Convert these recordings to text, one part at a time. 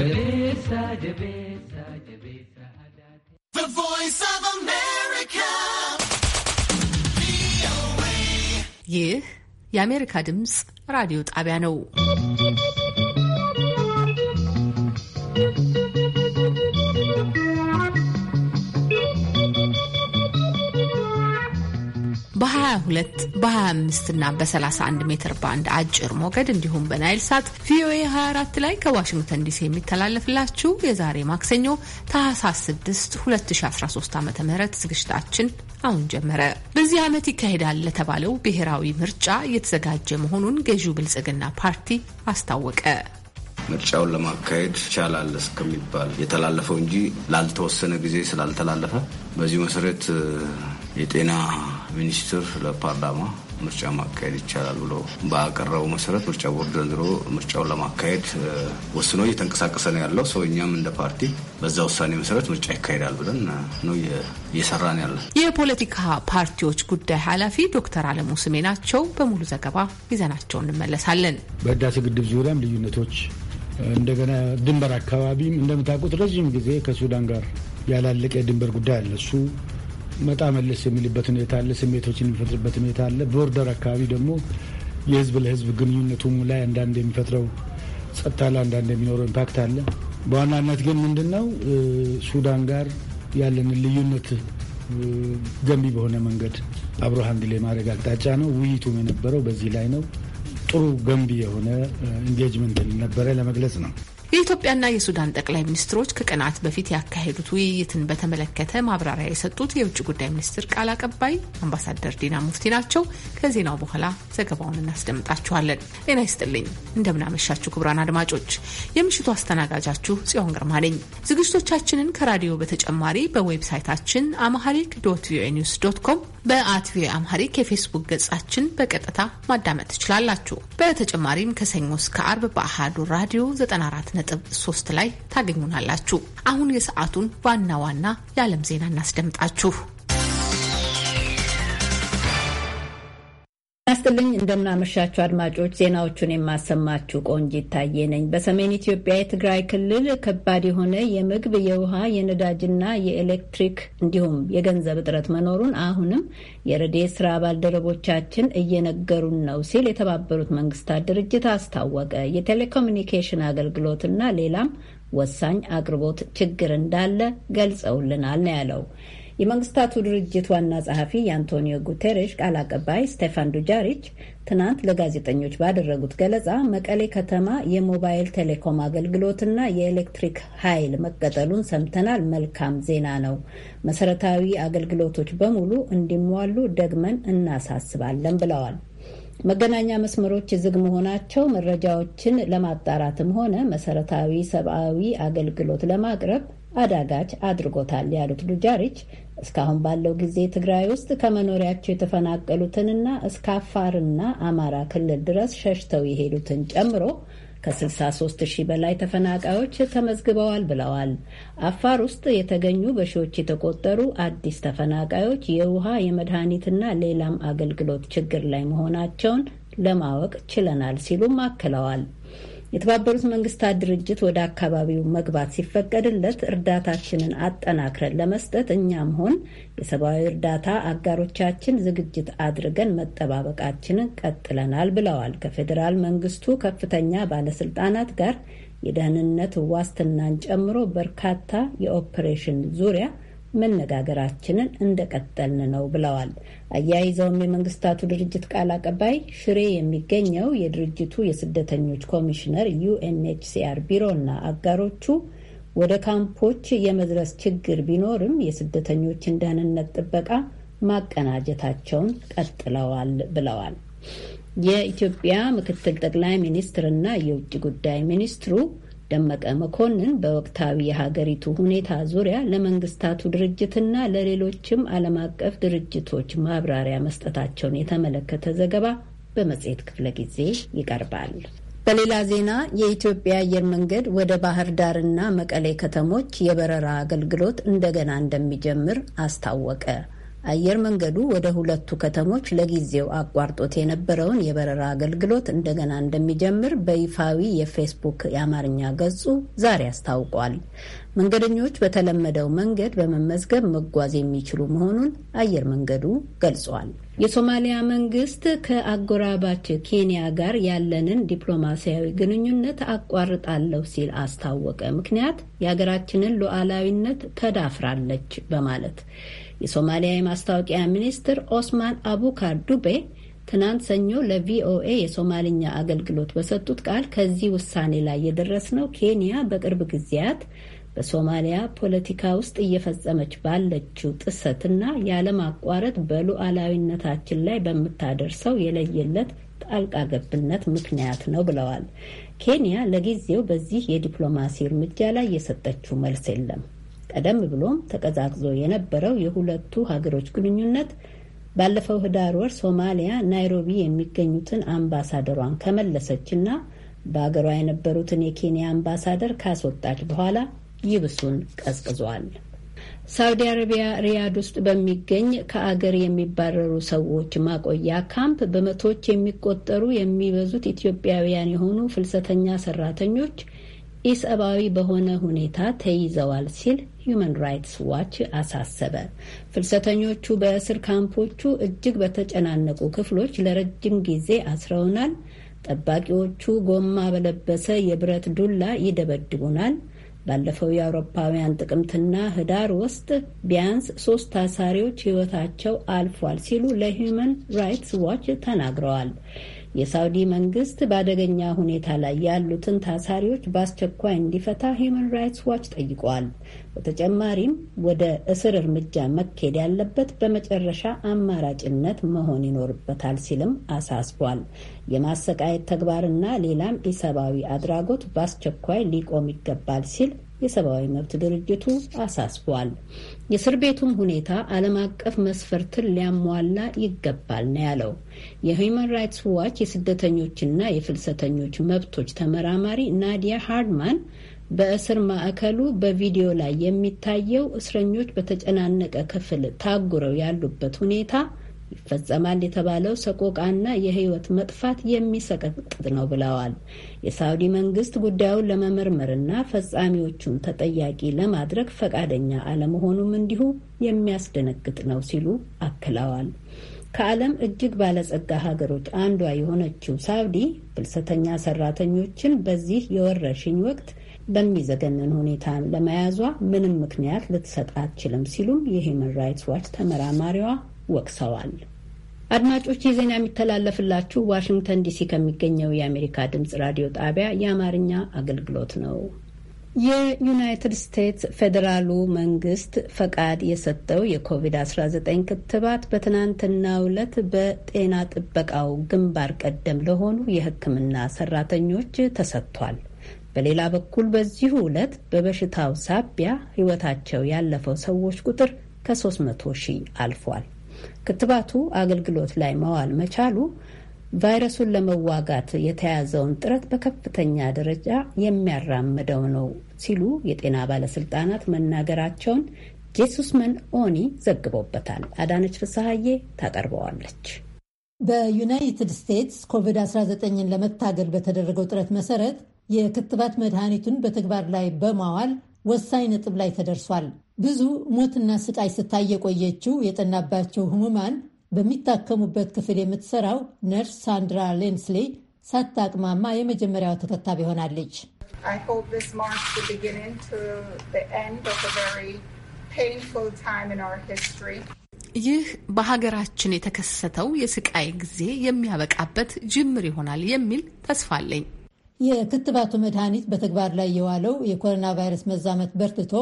The voice of America. ይህ የአሜሪካ ድምፅ ራዲዮ በ22 በ25 እና በ31 ሜትር ባንድ አጭር ሞገድ እንዲሁም በናይል ሳት ቪኦኤ 24 ላይ ከዋሽንግተን ዲሲ የሚተላለፍላችሁ የዛሬ ማክሰኞ ታህሳስ 6 2013 ዓ ም ዝግጅታችን አሁን ጀመረ። በዚህ ዓመት ይካሄዳል ለተባለው ብሔራዊ ምርጫ እየተዘጋጀ መሆኑን ገዢው ብልጽግና ፓርቲ አስታወቀ። ምርጫውን ለማካሄድ ይቻላል እስከሚባል የተላለፈው እንጂ ላልተወሰነ ጊዜ ስላልተላለፈ በዚህ መሰረት የጤና ሚኒስትር ለፓርላማ ምርጫ ማካሄድ ይቻላል ብሎ ባቀረበው መሰረት ምርጫ ቦርድ ዘንድሮ ምርጫውን ለማካሄድ ወስኖ እየተንቀሳቀሰ ነው ያለው ሰው። እኛም እንደ ፓርቲ በዛ ውሳኔ መሰረት ምርጫ ይካሄዳል ብለን ነው እየሰራ ነው ያለን። የፖለቲካ ፓርቲዎች ጉዳይ ኃላፊ ዶክተር አለሙ ስሜ ናቸው። በሙሉ ዘገባ ይዘናቸው እንመለሳለን። በህዳሴ ግድብ ዙሪያም ልዩነቶች እንደገና ድንበር አካባቢም እንደምታውቁት ረዥም ጊዜ ከሱዳን ጋር ያላለቀ የድንበር ጉዳይ አለ እሱ መጣ መለስ የሚልበት ሁኔታ አለ። ስሜቶችን የሚፈጥርበት ሁኔታ አለ። ቦርደር አካባቢ ደግሞ የህዝብ ለህዝብ ግንኙነቱም ላይ አንዳንድ የሚፈጥረው ጸጥታ ላይ አንዳንድ የሚኖረው ኢምፓክት አለ። በዋናነት ግን ምንድን ነው ሱዳን ጋር ያለን ልዩነት ገንቢ በሆነ መንገድ አብሮ ሀንድል የማድረግ አቅጣጫ ነው። ውይይቱም የነበረው በዚህ ላይ ነው። ጥሩ ገንቢ የሆነ ኢንጌጅመንት ነበረ ለመግለጽ ነው። የኢትዮጵያና የሱዳን ጠቅላይ ሚኒስትሮች ከቀናት በፊት ያካሄዱት ውይይትን በተመለከተ ማብራሪያ የሰጡት የውጭ ጉዳይ ሚኒስትር ቃል አቀባይ አምባሳደር ዲና ሙፍቲ ናቸው። ከዜናው በኋላ ዘገባውን እናስደምጣችኋለን። ጤና ይስጥልኝ፣ እንደምናመሻችሁ ክቡራን አድማጮች፣ የምሽቱ አስተናጋጃችሁ ጽዮን ግርማ ነኝ። ዝግጅቶቻችንን ከራዲዮ በተጨማሪ በዌብሳይታችን አማሃሪክ ዶት ቪኦኤ ኒውስ ዶት ኮም በአት ቪኦኤ አምሃሪክ የፌስቡክ ገጻችን በቀጥታ ማዳመጥ ትችላላችሁ። በተጨማሪም ከሰኞ እስከ አርብ በአሃዱ ራዲዮ 94 ነጥብ ሶስት ላይ ታገኙናላችሁ። አሁን የሰዓቱን ዋና ዋና የዓለም ዜና እናስደምጣችሁ። ይስጥልኝ እንደምናመሻችሁ አድማጮች፣ ዜናዎቹን የማሰማችሁ ቆንጅ ይታየ ነኝ። በሰሜን ኢትዮጵያ የትግራይ ክልል ከባድ የሆነ የምግብ የውሃ፣ የነዳጅና የኤሌክትሪክ እንዲሁም የገንዘብ እጥረት መኖሩን አሁንም የረድኤት ስራ ባልደረቦቻችን እየነገሩን ነው ሲል የተባበሩት መንግስታት ድርጅት አስታወቀ። የቴሌኮሚኒኬሽን አገልግሎትና ሌላም ወሳኝ አቅርቦት ችግር እንዳለ ገልጸውልናል ነው ያለው። የመንግስታቱ ድርጅት ዋና ጸሐፊ የአንቶኒዮ ጉቴሬሽ ቃል አቀባይ ስቴፋን ዱጃሪች ትናንት ለጋዜጠኞች ባደረጉት ገለጻ መቀሌ ከተማ የሞባይል ቴሌኮም አገልግሎትና የኤሌክትሪክ ኃይል መቀጠሉን ሰምተናል። መልካም ዜና ነው። መሰረታዊ አገልግሎቶች በሙሉ እንዲሟሉ ደግመን እናሳስባለን ብለዋል። መገናኛ መስመሮች ዝግ መሆናቸው መረጃዎችን ለማጣራትም ሆነ መሰረታዊ ሰብአዊ አገልግሎት ለማቅረብ አዳጋች አድርጎታል ያሉት ዱጃሪች እስካሁን ባለው ጊዜ ትግራይ ውስጥ ከመኖሪያቸው የተፈናቀሉትንና እስከ አፋርና አማራ ክልል ድረስ ሸሽተው የሄዱትን ጨምሮ ከ63 ሺህ በላይ ተፈናቃዮች ተመዝግበዋል ብለዋል። አፋር ውስጥ የተገኙ በሺዎች የተቆጠሩ አዲስ ተፈናቃዮች የውሃ የመድኃኒትና ሌላም አገልግሎት ችግር ላይ መሆናቸውን ለማወቅ ችለናል ሲሉም አክለዋል። የተባበሩት መንግስታት ድርጅት ወደ አካባቢው መግባት ሲፈቀድለት እርዳታችንን አጠናክረን ለመስጠት እኛም ሆን የሰብአዊ እርዳታ አጋሮቻችን ዝግጅት አድርገን መጠባበቃችንን ቀጥለናል ብለዋል። ከፌዴራል መንግስቱ ከፍተኛ ባለስልጣናት ጋር የደህንነት ዋስትናን ጨምሮ በርካታ የኦፕሬሽን ዙሪያ መነጋገራችንን እንደቀጠልን ነው ብለዋል። አያይዘውም የመንግስታቱ ድርጅት ቃል አቀባይ ሽሬ የሚገኘው የድርጅቱ የስደተኞች ኮሚሽነር ዩኤንኤችሲአር ቢሮና አጋሮቹ ወደ ካምፖች የመድረስ ችግር ቢኖርም የስደተኞችን ደህንነት ጥበቃ ማቀናጀታቸውን ቀጥለዋል ብለዋል። የኢትዮጵያ ምክትል ጠቅላይ ሚኒስትርና የውጭ ጉዳይ ሚኒስትሩ ደመቀ መኮንን በወቅታዊ የሀገሪቱ ሁኔታ ዙሪያ ለመንግስታቱ ድርጅትና ለሌሎችም ዓለም አቀፍ ድርጅቶች ማብራሪያ መስጠታቸውን የተመለከተ ዘገባ በመጽሔት ክፍለ ጊዜ ይቀርባል። በሌላ ዜና የኢትዮጵያ አየር መንገድ ወደ ባህር ዳርና መቀሌ ከተሞች የበረራ አገልግሎት እንደገና እንደሚጀምር አስታወቀ። አየር መንገዱ ወደ ሁለቱ ከተሞች ለጊዜው አቋርጦት የነበረውን የበረራ አገልግሎት እንደገና እንደሚጀምር በይፋዊ የፌስቡክ የአማርኛ ገጹ ዛሬ አስታውቋል። መንገደኞች በተለመደው መንገድ በመመዝገብ መጓዝ የሚችሉ መሆኑን አየር መንገዱ ገልጿል። የሶማሊያ መንግስት ከአጎራባች ኬንያ ጋር ያለንን ዲፕሎማሲያዊ ግንኙነት አቋርጣለሁ ሲል አስታወቀ። ምክንያት የሀገራችንን ሉዓላዊነት ተዳፍራለች በማለት የሶማሊያ የማስታወቂያ ሚኒስትር ኦስማን አቡካር ዱቤ ትናንት ሰኞ ለቪኦኤ የሶማልኛ አገልግሎት በሰጡት ቃል ከዚህ ውሳኔ ላይ የደረስነው ኬንያ በቅርብ ጊዜያት በሶማሊያ ፖለቲካ ውስጥ እየፈጸመች ባለችው ጥሰትና ያለማቋረጥ በሉዓላዊነታችን ላይ በምታደርሰው የለየለት ጣልቃ ገብነት ምክንያት ነው ብለዋል። ኬንያ ለጊዜው በዚህ የዲፕሎማሲ እርምጃ ላይ የሰጠችው መልስ የለም። ቀደም ብሎም ተቀዛቅዞ የነበረው የሁለቱ ሀገሮች ግንኙነት ባለፈው ህዳር ወር ሶማሊያ ናይሮቢ የሚገኙትን አምባሳደሯን ከመለሰችና በአገሯ የነበሩትን የኬንያ አምባሳደር ካስወጣች በኋላ ይብሱን ቀዝቅዟል። ሳውዲ አረቢያ ሪያድ ውስጥ በሚገኝ ከአገር የሚባረሩ ሰዎች ማቆያ ካምፕ በመቶዎች የሚቆጠሩ የሚበዙት ኢትዮጵያውያን የሆኑ ፍልሰተኛ ሰራተኞች ኢሰብአዊ በሆነ ሁኔታ ተይዘዋል ሲል ሁማን ራይትስ ዋች አሳሰበ። ፍልሰተኞቹ በእስር ካምፖቹ እጅግ በተጨናነቁ ክፍሎች ለረጅም ጊዜ አስረውናል። ጠባቂዎቹ ጎማ በለበሰ የብረት ዱላ ይደበድቡናል። ባለፈው የአውሮፓውያን ጥቅምትና ህዳር ውስጥ ቢያንስ ሶስት ታሳሪዎች ህይወታቸው አልፏል ሲሉ ለሁማን ራይትስ ዋች ተናግረዋል። የሳውዲ መንግስት በአደገኛ ሁኔታ ላይ ያሉትን ታሳሪዎች በአስቸኳይ እንዲፈታ ሂዩማን ራይትስ ዋች ጠይቋል። በተጨማሪም ወደ እስር እርምጃ መካሄድ ያለበት በመጨረሻ አማራጭነት መሆን ይኖርበታል ሲልም አሳስቧል። የማሰቃየት ተግባርና ሌላም ኢሰብአዊ አድራጎት በአስቸኳይ ሊቆም ይገባል ሲል የሰብአዊ መብት ድርጅቱ አሳስቧል። የእስር ቤቱም ሁኔታ ዓለም አቀፍ መስፈርትን ሊያሟላ ይገባል ነው ያለው። የሁማን ራይትስ ዋች የስደተኞችና የፍልሰተኞች መብቶች ተመራማሪ ናዲያ ሃርድማን በእስር ማዕከሉ በቪዲዮ ላይ የሚታየው እስረኞች በተጨናነቀ ክፍል ታጉረው ያሉበት ሁኔታ ይፈጸማል የተባለው ሰቆቃና የህይወት መጥፋት የሚሰቀጥጥ ነው ብለዋል። የሳውዲ መንግስት ጉዳዩን ለመመርመርና ፈጻሚዎቹን ተጠያቂ ለማድረግ ፈቃደኛ አለመሆኑም እንዲሁ የሚያስደነግጥ ነው ሲሉ አክለዋል። ከዓለም እጅግ ባለጸጋ ሀገሮች አንዷ የሆነችው ሳውዲ ፍልሰተኛ ሰራተኞችን በዚህ የወረሽኝ ወቅት በሚዘገንን ሁኔታ ለመያዟ ምንም ምክንያት ልትሰጥ አትችልም ሲሉም የሂውማን ራይትስ ዋች ተመራማሪዋ ወቅሰዋል። አድማጮች የዜና የሚተላለፍላችሁ ዋሽንግተን ዲሲ ከሚገኘው የአሜሪካ ድምፅ ራዲዮ ጣቢያ የአማርኛ አገልግሎት ነው። የዩናይትድ ስቴትስ ፌዴራሉ መንግስት ፈቃድ የሰጠው የኮቪድ-19 ክትባት በትናንትናው ዕለት በጤና ጥበቃው ግንባር ቀደም ለሆኑ የሕክምና ሰራተኞች ተሰጥቷል። በሌላ በኩል በዚሁ ዕለት በበሽታው ሳቢያ ሕይወታቸው ያለፈው ሰዎች ቁጥር ከ300 ሺህ አልፏል። ክትባቱ አገልግሎት ላይ መዋል መቻሉ ቫይረሱን ለመዋጋት የተያዘውን ጥረት በከፍተኛ ደረጃ የሚያራምደው ነው ሲሉ የጤና ባለስልጣናት መናገራቸውን ጄሱስ መን ኦኒ ዘግቦበታል። አዳነች ፍስሐዬ ታቀርበዋለች። በዩናይትድ ስቴትስ ኮቪድ-19ን ለመታገል በተደረገው ጥረት መሰረት የክትባት መድኃኒቱን በተግባር ላይ በማዋል ወሳኝ ነጥብ ላይ ተደርሷል። ብዙ ሞትና ስቃይ ስታይ የቆየችው የጠናባቸው ህሙማን በሚታከሙበት ክፍል የምትሰራው ነርስ ሳንድራ ሌንስሌ ሳታቅማማ የመጀመሪያዋ ተከታቢ ሆናለች። ይህ በሀገራችን የተከሰተው የስቃይ ጊዜ የሚያበቃበት ጅምር ይሆናል የሚል ተስፋ አለኝ። የክትባቱ መድኃኒት በተግባር ላይ የዋለው የኮሮና ቫይረስ መዛመት በርትቶ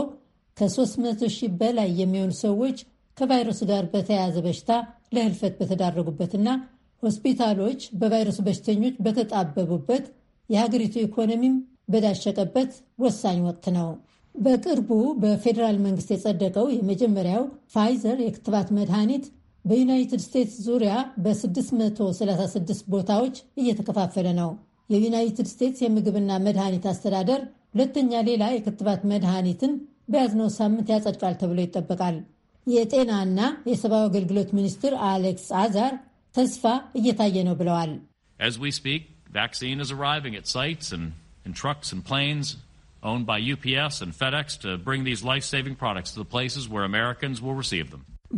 ከ300 ሺህ በላይ የሚሆኑ ሰዎች ከቫይረሱ ጋር በተያያዘ በሽታ ለህልፈት በተዳረጉበትና ሆስፒታሎች በቫይረሱ በሽተኞች በተጣበቡበት የሀገሪቱ ኢኮኖሚም በዳሸቀበት ወሳኝ ወቅት ነው። በቅርቡ በፌዴራል መንግስት የጸደቀው የመጀመሪያው ፋይዘር የክትባት መድኃኒት በዩናይትድ ስቴትስ ዙሪያ በ636 ቦታዎች እየተከፋፈለ ነው። የዩናይትድ ስቴትስ የምግብና መድኃኒት አስተዳደር ሁለተኛ ሌላ የክትባት መድኃኒትን በያዝነው ሳምንት ያጸድቃል ተብሎ ይጠበቃል። የጤናና የሰብአዊ አገልግሎት ሚኒስትር አሌክስ አዛር ተስፋ እየታየ ነው ብለዋል።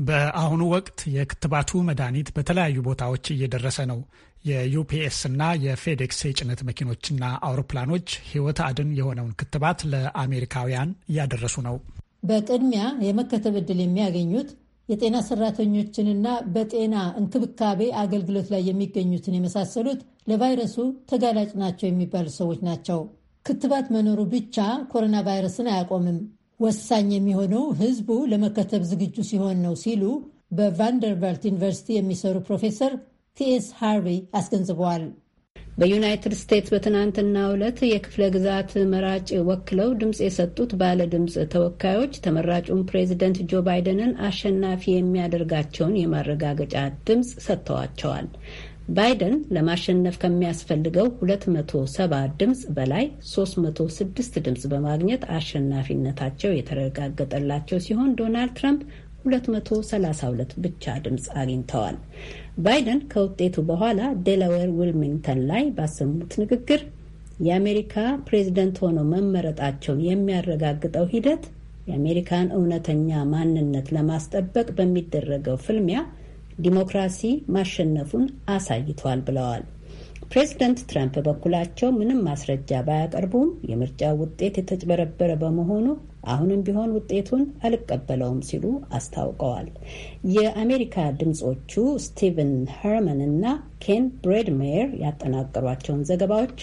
በአሁኑ ወቅት የክትባቱ መድኃኒት በተለያዩ ቦታዎች እየደረሰ ነው። የዩፒኤስ እና የፌዴክስ የጭነት መኪኖችና አውሮፕላኖች ሕይወት አድን የሆነውን ክትባት ለአሜሪካውያን እያደረሱ ነው። በቅድሚያ የመከተብ ዕድል የሚያገኙት የጤና ሰራተኞችንና በጤና እንክብካቤ አገልግሎት ላይ የሚገኙትን የመሳሰሉት ለቫይረሱ ተጋላጭ ናቸው የሚባሉ ሰዎች ናቸው። ክትባት መኖሩ ብቻ ኮሮና ቫይረስን አያቆምም። ወሳኝ የሚሆነው ህዝቡ ለመከተብ ዝግጁ ሲሆን ነው ሲሉ በቫንደርባልት ዩኒቨርሲቲ የሚሰሩ ፕሮፌሰር ቲስ ሃርቪ አስገንዝበዋል። በዩናይትድ ስቴትስ በትናንትና ዕለት የክፍለ ግዛት መራጭ ወክለው ድምፅ የሰጡት ባለ ድምፅ ተወካዮች ተመራጩን ፕሬዚደንት ጆ ባይደንን አሸናፊ የሚያደርጋቸውን የማረጋገጫ ድምፅ ሰጥተዋቸዋል። ባይደን ለማሸነፍ ከሚያስፈልገው 270 ድምፅ በላይ 306 ድምፅ በማግኘት አሸናፊነታቸው የተረጋገጠላቸው ሲሆን ዶናልድ ትራምፕ 232 ብቻ ድምፅ አግኝተዋል። ባይደን ከውጤቱ በኋላ ዴላዌር ዊልሚንግተን ላይ ባሰሙት ንግግር የአሜሪካ ፕሬዝደንት ሆነው መመረጣቸውን የሚያረጋግጠው ሂደት የአሜሪካን እውነተኛ ማንነት ለማስጠበቅ በሚደረገው ፍልሚያ ዲሞክራሲ ማሸነፉን አሳይቷል ብለዋል። ፕሬዝደንት ትራምፕ በኩላቸው ምንም ማስረጃ ባያቀርቡም የምርጫ ውጤት የተጭበረበረ በመሆኑ አሁንም ቢሆን ውጤቱን አልቀበለውም ሲሉ አስታውቀዋል። የአሜሪካ ድምጾቹ ስቲቨን ሄርመን እና ኬን ብሬድሜየር ያጠናቀሯቸውን ዘገባዎች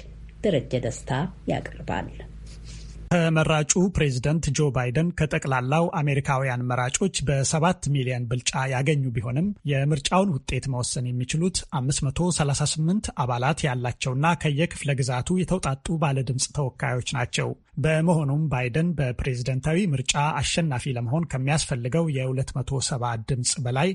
ደረጀ ደስታ ያቀርባል። ተመራጩ ፕሬዝደንት ጆ ባይደን ከጠቅላላው አሜሪካውያን መራጮች በሰባት ሚሊዮን ብልጫ ያገኙ ቢሆንም የምርጫውን ውጤት መወሰን የሚችሉት 538 አባላት ያላቸውና ከየክፍለ ግዛቱ የተውጣጡ ባለድምፅ ተወካዮች ናቸው። በመሆኑም ባይደን በፕሬዝደንታዊ ምርጫ አሸናፊ ለመሆን ከሚያስፈልገው የ270 ድምፅ በላይ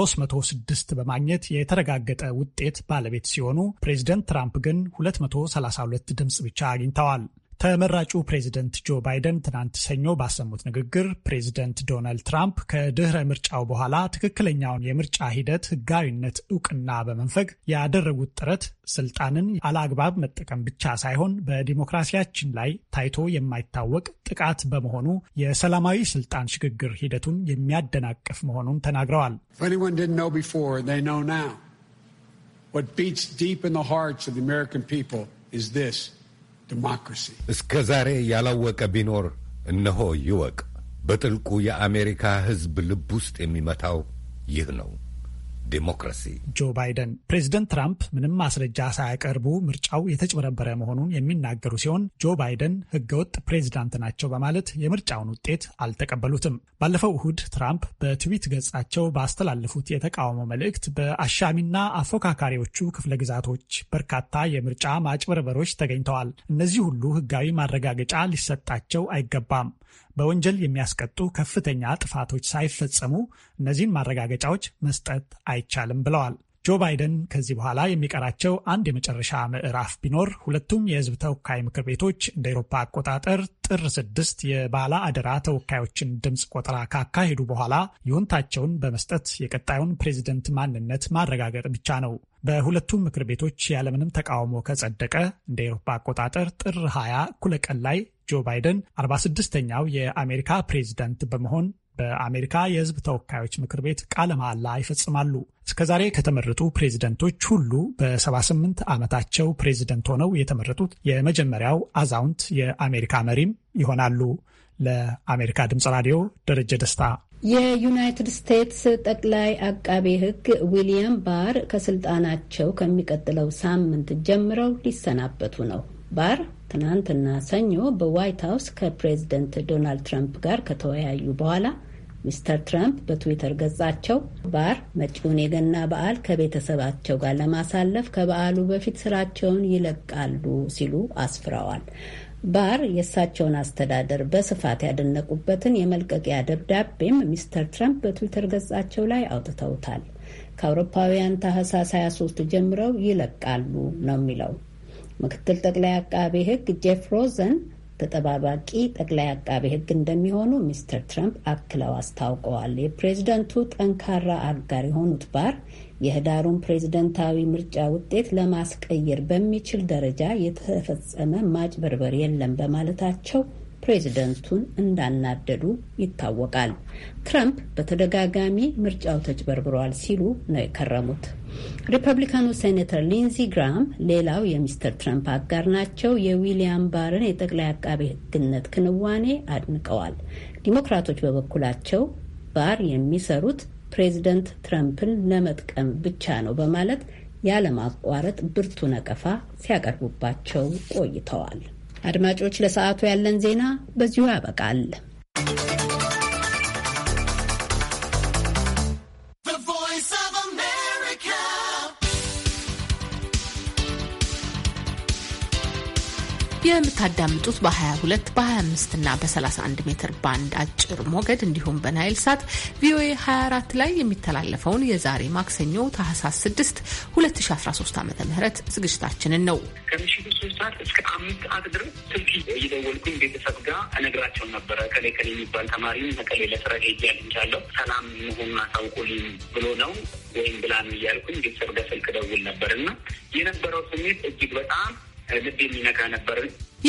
306 በማግኘት የተረጋገጠ ውጤት ባለቤት ሲሆኑ ፕሬዝደንት ትራምፕ ግን 232 ድምፅ ብቻ አግኝተዋል። ተመራጩ ፕሬዚደንት ጆ ባይደን ትናንት ሰኞ ባሰሙት ንግግር ፕሬዚደንት ዶናልድ ትራምፕ ከድህረ ምርጫው በኋላ ትክክለኛውን የምርጫ ሂደት ሕጋዊነት እውቅና በመንፈግ ያደረጉት ጥረት ስልጣንን አለአግባብ መጠቀም ብቻ ሳይሆን በዲሞክራሲያችን ላይ ታይቶ የማይታወቅ ጥቃት በመሆኑ የሰላማዊ ስልጣን ሽግግር ሂደቱን የሚያደናቅፍ መሆኑን ተናግረዋል። ስ እስከ ዛሬ ያላወቀ ቢኖር እነሆ ይወቅ። በጥልቁ የአሜሪካ ሕዝብ ልብ ውስጥ የሚመታው ይህ ነው። ዲሞክራሲ። ጆ ባይደን ፕሬዚደንት ትራምፕ ምንም ማስረጃ ሳያቀርቡ ምርጫው የተጭበረበረ መሆኑን የሚናገሩ ሲሆን ጆ ባይደን ህገወጥ ፕሬዚዳንት ናቸው በማለት የምርጫውን ውጤት አልተቀበሉትም። ባለፈው እሁድ ትራምፕ በትዊት ገጻቸው ባስተላለፉት የተቃውሞ መልእክት በአሻሚና አፎካካሪዎቹ ክፍለ ግዛቶች በርካታ የምርጫ ማጭበርበሮች ተገኝተዋል። እነዚህ ሁሉ ህጋዊ ማረጋገጫ ሊሰጣቸው አይገባም። በወንጀል የሚያስቀጡ ከፍተኛ ጥፋቶች ሳይፈጸሙ እነዚህን ማረጋገጫዎች መስጠት አይቻልም ብለዋል። ጆ ባይደን ከዚህ በኋላ የሚቀራቸው አንድ የመጨረሻ ምዕራፍ ቢኖር ሁለቱም የሕዝብ ተወካይ ምክር ቤቶች እንደ ኤሮፓ አቆጣጠር ጥር ስድስት የባለ አደራ ተወካዮችን ድምፅ ቆጠራ ካካሄዱ በኋላ ይሁንታቸውን በመስጠት የቀጣዩን ፕሬዚደንት ማንነት ማረጋገጥ ብቻ ነው። በሁለቱም ምክር ቤቶች ያለምንም ተቃውሞ ከጸደቀ እንደ ኤሮፓ አቆጣጠር ጥር 20 እኩለ ቀን ላይ ጆ ባይደን 46ኛው የአሜሪካ ፕሬዚደንት በመሆን በአሜሪካ የሕዝብ ተወካዮች ምክር ቤት ቃለ መሐላ ይፈጽማሉ። እስከዛሬ ከተመረጡ ፕሬዝደንቶች ሁሉ በ78 ዓመታቸው ፕሬዝደንት ሆነው የተመረጡት የመጀመሪያው አዛውንት የአሜሪካ መሪም ይሆናሉ። ለአሜሪካ ድምፅ ራዲዮ ደረጀ ደስታ የዩናይትድ ስቴትስ ጠቅላይ አቃቤ ሕግ ዊሊያም ባር ከስልጣናቸው ከሚቀጥለው ሳምንት ጀምረው ሊሰናበቱ ነው። ባር ትናንትና ሰኞ በዋይት ሀውስ ከፕሬዝደንት ዶናልድ ትራምፕ ጋር ከተወያዩ በኋላ ሚስተር ትራምፕ በትዊተር ገጻቸው ባር መጪውን የገና በዓል ከቤተሰባቸው ጋር ለማሳለፍ ከበዓሉ በፊት ስራቸውን ይለቃሉ ሲሉ አስፍረዋል። ባር የእሳቸውን አስተዳደር በስፋት ያደነቁበትን የመልቀቂያ ደብዳቤም ሚስተር ትራምፕ በትዊተር ገጻቸው ላይ አውጥተውታል። ከአውሮፓውያን ታህሳስ 23 ጀምረው ይለቃሉ ነው የሚለው። ምክትል ጠቅላይ አቃቤ ሕግ ጄፍ ሮዘን ተጠባባቂ ጠቅላይ አቃቤ ሕግ እንደሚሆኑ ሚስተር ትራምፕ አክለው አስታውቀዋል። የፕሬዝደንቱ ጠንካራ አጋር የሆኑት ባር የህዳሩን ፕሬዝደንታዊ ምርጫ ውጤት ለማስቀየር በሚችል ደረጃ የተፈጸመ ማጭበርበር የለም በማለታቸው ፕሬዝደንቱን እንዳናደዱ ይታወቃል። ትራምፕ በተደጋጋሚ ምርጫው ተጭበርብሯል ሲሉ ነው የከረሙት። ሪፐብሊካኑ ሴኔተር ሊንዚ ግራም ሌላው የሚስተር ትራምፕ አጋር ናቸው፣ የዊሊያም ባርን የጠቅላይ አቃቤ ህግነት ክንዋኔ አድንቀዋል። ዲሞክራቶች በበኩላቸው ባር የሚሰሩት ፕሬዚደንት ትረምፕን ለመጥቀም ብቻ ነው በማለት ያለማቋረጥ ብርቱ ነቀፋ ሲያቀርቡባቸው ቆይተዋል። አድማጮች፣ ለሰዓቱ ያለን ዜና በዚሁ ያበቃል። የምታዳምጡት በ22 በ25 እና በ31 ሜትር ባንድ አጭር ሞገድ እንዲሁም በናይል ሳት ቪኦኤ 24 ላይ የሚተላለፈውን የዛሬ ማክሰኞ ታህሳስ 6 2013 ዓ ም ዝግጅታችንን ነው። ከምሽቱ ሶስት ሰዓት እስከ አምስት ሰዓት ድረስ ስልክ እየደወልኩኝ ቤተሰብ ጋር ነበረ። የሚባል ለስራ ሰላም መሆኑን አሳውቁልኝ ብሎ ነው ወይም ብላን እያልኩኝ ቤተሰብ ጋር ስልክ ደውል ነበር እና የነበረው ስሜት እጅግ በጣም ልብ የሚነካ ነበር።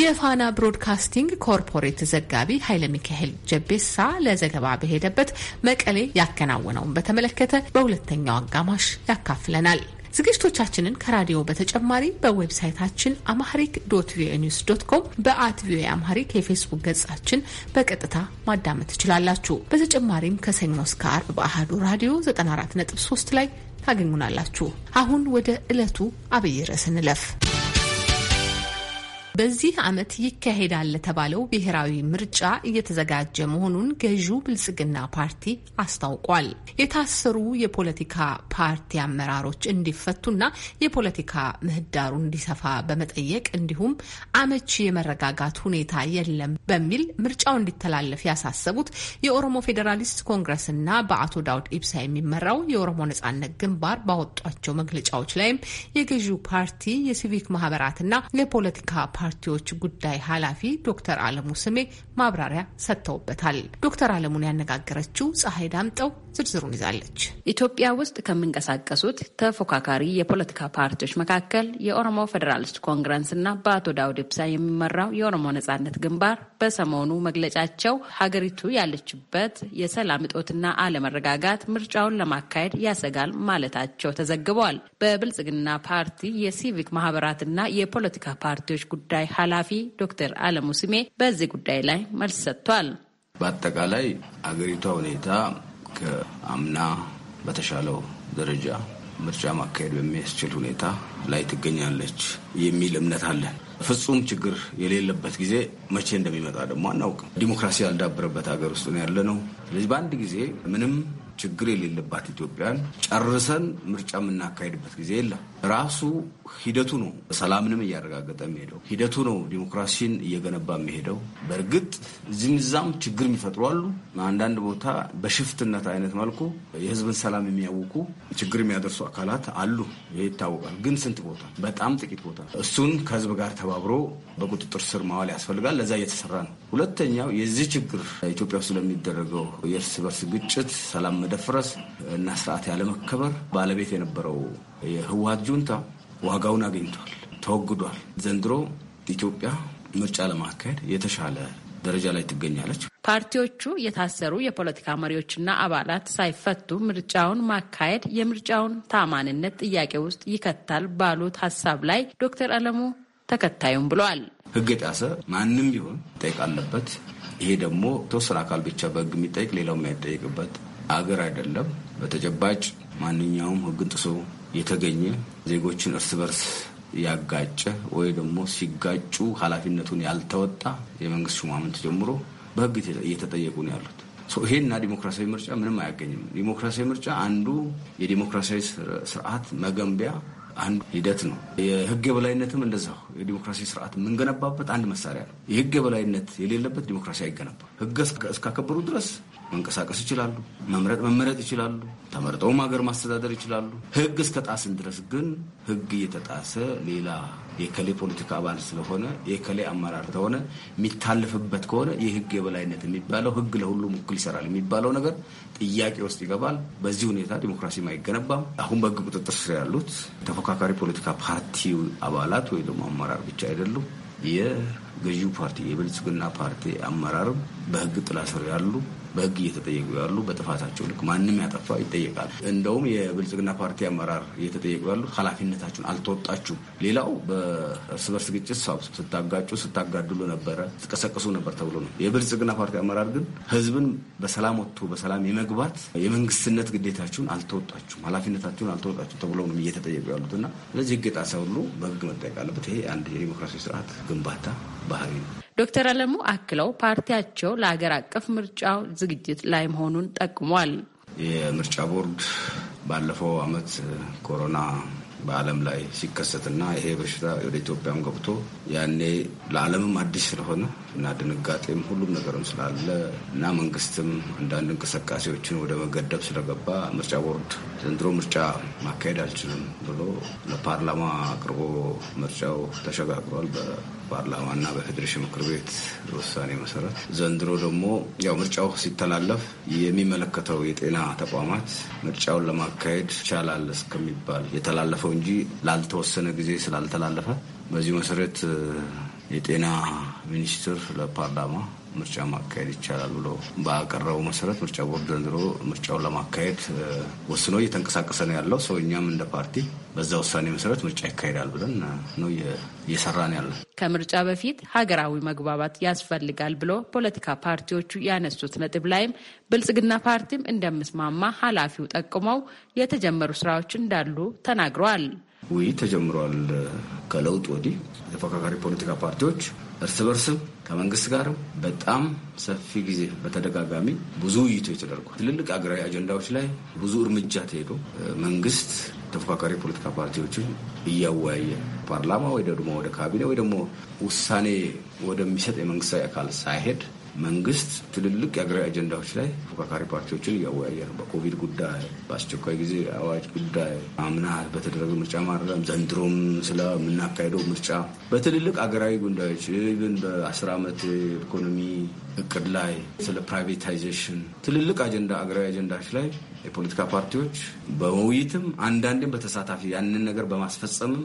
የፋና ብሮድካስቲንግ ኮርፖሬት ዘጋቢ ኃይለ ሚካኤል ጀቤሳ ለዘገባ በሄደበት መቀሌ ያከናወነውን በተመለከተ በሁለተኛው አጋማሽ ያካፍለናል። ዝግጅቶቻችንን ከራዲዮ በተጨማሪ በዌብሳይታችን አማሪክ ዶት ቪኦኤ ኒውስ ዶት ኮም በአት ቪኦኤ አማሪክ የፌስቡክ ገጻችን በቀጥታ ማዳመጥ ትችላላችሁ። በተጨማሪም ከሰኞ እስከ አርብ በአህዱ ራዲዮ 94.3 ላይ ታገኙናላችሁ። አሁን ወደ ዕለቱ አብይ ርዕስ እንለፍ። በዚህ ዓመት ይካሄዳል ለተባለው ብሔራዊ ምርጫ እየተዘጋጀ መሆኑን ገዢው ብልጽግና ፓርቲ አስታውቋል። የታሰሩ የፖለቲካ ፓርቲ አመራሮች እንዲፈቱና የፖለቲካ ምህዳሩ እንዲሰፋ በመጠየቅ እንዲሁም አመቺ የመረጋጋት ሁኔታ የለም በሚል ምርጫው እንዲተላለፍ ያሳሰቡት የኦሮሞ ፌዴራሊስት ኮንግረስና በአቶ ዳውድ ኢብሳ የሚመራው የኦሮሞ ነጻነት ግንባር ባወጧቸው መግለጫዎች ላይም የገዢው ፓርቲ የሲቪክ ማህበራትና የፖለቲካ ፓርቲ ፓርቲዎች ጉዳይ ኃላፊ ዶክተር አለሙ ስሜ ማብራሪያ ሰጥተውበታል። ዶክተር አለሙን ያነጋገረችው ፀሐይ ዳምጠው ዝርዝሩን ይዛለች። ኢትዮጵያ ውስጥ ከሚንቀሳቀሱት ተፎካካሪ የፖለቲካ ፓርቲዎች መካከል የኦሮሞ ፌዴራሊስት ኮንግረስ እና በአቶ ዳውድ ኢብሳ የሚመራው የኦሮሞ ነጻነት ግንባር በሰሞኑ መግለጫቸው ሀገሪቱ ያለችበት የሰላም እጦትና አለመረጋጋት ምርጫውን ለማካሄድ ያሰጋል ማለታቸው ተዘግበዋል። በብልጽግና ፓርቲ የሲቪክ ማህበራትና የፖለቲካ ፓርቲዎች ጉዳይ ጉዳይ ኃላፊ ዶክተር አለሙ ስሜ በዚህ ጉዳይ ላይ መልስ ሰጥቷል። በአጠቃላይ አገሪቷ ሁኔታ ከአምና በተሻለው ደረጃ ምርጫ ማካሄድ በሚያስችል ሁኔታ ላይ ትገኛለች የሚል እምነት አለን። ፍጹም ችግር የሌለበት ጊዜ መቼ እንደሚመጣ ደግሞ አናውቅም። ዲሞክራሲ ያልዳበረበት ሀገር ውስጥ ነው ያለ ነው። ስለዚህ በአንድ ጊዜ ምንም ችግር የሌለባት ኢትዮጵያን ጨርሰን ምርጫ የምናካሄድበት ጊዜ የለም። ራሱ ሂደቱ ነው ሰላምንም እያረጋገጠ የሚሄደው ሂደቱ ነው ዲሞክራሲን እየገነባ የሚሄደው። በእርግጥ እዚህም ችግር የሚፈጥሩ አሉ። አንዳንድ ቦታ በሽፍትነት አይነት መልኩ የህዝብን ሰላም የሚያውቁ ችግር የሚያደርሱ አካላት አሉ። ይህ ይታወቃል። ግን ስንት ቦታ? በጣም ጥቂት ቦታ። እሱን ከህዝብ ጋር ተባብሮ በቁጥጥር ስር ማዋል ያስፈልጋል። ለዛ እየተሰራ ነው። ሁለተኛው የዚህ ችግር ኢትዮጵያ ውስጥ ለሚደረገው የእርስ በርስ ግጭት፣ ሰላም መደፍረስ እና ስርዓት ያለመከበር ባለቤት የነበረው የህወሀት ጁንታ ዋጋውን አግኝቷል፣ ተወግዷል። ዘንድሮ ኢትዮጵያ ምርጫ ለማካሄድ የተሻለ ደረጃ ላይ ትገኛለች። ፓርቲዎቹ የታሰሩ የፖለቲካ መሪዎችና አባላት ሳይፈቱ ምርጫውን ማካሄድ የምርጫውን ታማንነት ጥያቄ ውስጥ ይከታል ባሉት ሀሳብ ላይ ዶክተር አለሙ ተከታዩም ብለዋል። ህግ የጣሰ ማንም ቢሆን ጠይቅ አለበት። ይሄ ደግሞ ተወሰነ አካል ብቻ በህግ የሚጠይቅ ሌላው የማይጠይቅበት አገር አይደለም። በተጨባጭ ማንኛውም ህግን ጥሶ የተገኘ ዜጎችን እርስ በርስ ያጋጨ ወይ ደግሞ ሲጋጩ ኃላፊነቱን ያልተወጣ የመንግስት ሹማምንት ጀምሮ በህግ እየተጠየቁ ነው ያሉት። ይሄና ዲሞክራሲያዊ ምርጫ ምንም አያገኝም። ዲሞክራሲያዊ ምርጫ አንዱ የዲሞክራሲያዊ ስርዓት መገንቢያ አንዱ ሂደት ነው። የህግ የበላይነትም እንደዛው የዲሞክራሲ ስርዓት የምንገነባበት አንድ መሳሪያ ነው። የህግ የበላይነት የሌለበት ዲሞክራሲ አይገነባም። ህግ እስካከበሩ ድረስ መንቀሳቀስ ይችላሉ፣ መምረጥ መመረጥ ይችላሉ፣ ተመርጠውም ሀገር ማስተዳደር ይችላሉ። ህግ እስከ ጣስን ድረስ ግን ህግ እየተጣሰ ሌላ የከሌ ፖለቲካ አባል ስለሆነ የከሌ አመራር ከሆነ የሚታልፍበት ከሆነ የህግ የበላይነት የሚባለው ህግ ለሁሉም እኩል ይሰራል የሚባለው ነገር ጥያቄ ውስጥ ይገባል። በዚህ ሁኔታ ዲሞክራሲም አይገነባም። አሁን በህግ ቁጥጥር ስር ያሉት ተፎካካሪ ፖለቲካ ፓርቲ አባላት ወይ ደግሞ አመራር ብቻ አይደሉም። የገዢው ፓርቲ የብልጽግና ፓርቲ አመራርም በህግ ጥላ ስር ያሉ በህግ እየተጠየቁ ያሉ በጥፋታቸው ልክ ማንም ያጠፋው ይጠየቃል። እንደውም የብልጽግና ፓርቲ አመራር እየተጠየቁ ያሉ ኃላፊነታችሁን አልተወጣችሁም፣ ሌላው በእርስ በርስ ግጭት ስታጋጩ ስታጋድሉ ነበረ፣ ስትቀሰቅሱ ነበር ተብሎ ነው። የብልጽግና ፓርቲ አመራር ግን ህዝብን በሰላም ወጥቶ በሰላም የመግባት የመንግስትነት ግዴታችሁን አልተወጣችሁም፣ ኃላፊነታችሁን አልተወጣችሁ ተብሎ ነው እየተጠየቁ ያሉት እና ስለዚህ ህግ ጣሳ ሁሉ በህግ መጠየቅ አለበት። ይሄ አንድ የዲሞክራሲ ስርዓት ግንባታ ባህሪ ነው። ዶክተር አለሙ አክለው ፓርቲያቸው ለአገር አቀፍ ምርጫው ዝግጅት ላይ መሆኑን ጠቅሟል። የምርጫ ቦርድ ባለፈው ዓመት ኮሮና በዓለም ላይ ሲከሰትና ይሄ በሽታ ወደ ኢትዮጵያም ገብቶ ያኔ ለዓለምም አዲስ ስለሆነ እና ድንጋጤም ሁሉም ነገርም ስላለ እና መንግስትም አንዳንድ እንቅስቃሴዎችን ወደ መገደብ ስለገባ ምርጫ ቦርድ ዘንድሮ ምርጫ ማካሄድ አልችልም ብሎ ለፓርላማ አቅርቦ ምርጫው ተሸጋግሯል። በፓርላማና በፌዴሬሽን ምክር ቤት ውሳኔ መሰረት ዘንድሮ ደግሞ ያው ምርጫው ሲተላለፍ የሚመለከተው የጤና ተቋማት ምርጫውን ለማካሄድ ይቻላል እስከሚባል የተላለፈው የተላለፈው እንጂ ላልተወሰነ ጊዜ ስላልተላለፈ በዚህ መሰረት የጤና ሚኒስትር ለፓርላማ ምርጫ ማካሄድ ይቻላል ብሎ ባቀረበው መሰረት ምርጫ ቦርድ ዘንድሮ ምርጫውን ለማካሄድ ወስኖ እየተንቀሳቀሰ ነው ያለው። ሰው እኛም እንደ ፓርቲ በዛ ውሳኔ መሰረት ምርጫ ይካሄዳል ብለን ነው እየሰራን ያለ። ከምርጫ በፊት ሀገራዊ መግባባት ያስፈልጋል ብሎ ፖለቲካ ፓርቲዎቹ ያነሱት ነጥብ ላይም ብልጽግና ፓርቲም እንደምስማማ ኃላፊው ጠቁመው የተጀመሩ ስራዎች እንዳሉ ተናግረዋል። ውይይት ተጀምሯል። ከለውጥ ወዲህ ተፎካካሪ ፖለቲካ ፓርቲዎች እርስ በርስም ከመንግስት ጋርም በጣም ሰፊ ጊዜ በተደጋጋሚ ብዙ ውይይቶች ተደርጓል። ትልልቅ አገራዊ አጀንዳዎች ላይ ብዙ እርምጃ ተሄዶ መንግስት ተፎካካሪ ፖለቲካ ፓርቲዎችን እያወያየ ፓርላማ ወይ ደግሞ ወደ ካቢኔ ወይ ደግሞ ውሳኔ ወደሚሰጥ የመንግስታዊ አካል ሳይሄድ መንግስት ትልልቅ የሀገራዊ አጀንዳዎች ላይ ተፎካካሪ ፓርቲዎችን እያወያየ ነው። በኮቪድ ጉዳይ፣ በአስቸኳይ ጊዜ አዋጅ ጉዳይ፣ አምና በተደረገ ምርጫ ማረም፣ ዘንድሮም ስለምናካሄደው ምርጫ በትልልቅ አገራዊ ጉዳዮች ብን በአስር ዓመት ኢኮኖሚ እቅድ ላይ ስለ ፕራይቬታይዜሽን ትልልቅ አጀንዳ አገራዊ አጀንዳዎች ላይ የፖለቲካ ፓርቲዎች በውይይትም አንዳንዴም በተሳታፊ ያንን ነገር በማስፈጸምም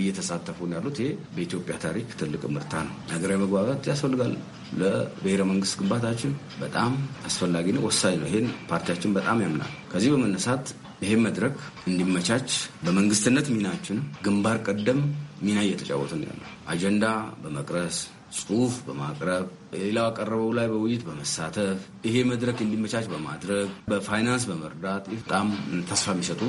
እየተሳተፉ ያሉት። ይሄ በኢትዮጵያ ታሪክ ትልቅ ምርታ ነው። ሀገራዊ መግባባት ያስፈልጋል። ለብሔረ መንግስት ግንባታችን በጣም አስፈላጊ ነው፣ ወሳኝ ነው። ይህን ፓርቲያችን በጣም ያምናል። ከዚህ በመነሳት ይህም መድረክ እንዲመቻች በመንግስትነት ሚናችን ግንባር ቀደም ሚና እየተጫወትን ያለ አጀንዳ በመቅረስ ጽሁፍ በማቅረብ ሌላው አቀረበው ላይ በውይይት በመሳተፍ ይሄ መድረክ እንዲመቻች በማድረግ በፋይናንስ በመርዳት በጣም ተስፋ የሚሰጡ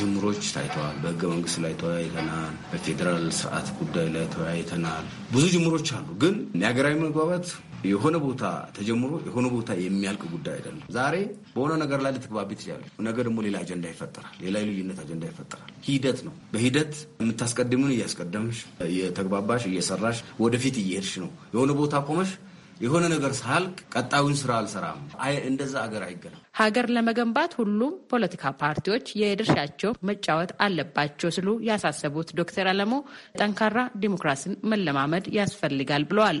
ጅምሮች ታይተዋል። በህገ መንግስት ላይ ተወያይተናል። በፌዴራል ስርዓት ጉዳይ ላይ ተወያይተናል። ብዙ ጅምሮች አሉ። ግን የሀገራዊ መግባባት የሆነ ቦታ ተጀምሮ የሆነ ቦታ የሚያልቅ ጉዳይ አይደለም። ዛሬ በሆነ ነገር ላይ ልትግባቢ ትችላለች፣ ነገ ደግሞ ሌላ አጀንዳ ይፈጠራል፣ ሌላ ልዩነት አጀንዳ ይፈጠራል። ሂደት ነው። በሂደት የምታስቀድምን እያስቀደምሽ እየተግባባሽ እየሰራሽ ወደፊት እየሄድሽ ነው። የሆነ ቦታ ቆመሽ የሆነ ነገር ሳልቅ ቀጣዩን ስራ አልሰራም። አይ እንደዛ አገር አይገለም። ሀገር ለመገንባት ሁሉም ፖለቲካ ፓርቲዎች የድርሻቸው መጫወት አለባቸው ሲሉ ያሳሰቡት ዶክተር አለሞ ጠንካራ ዲሞክራሲን መለማመድ ያስፈልጋል ብለዋል።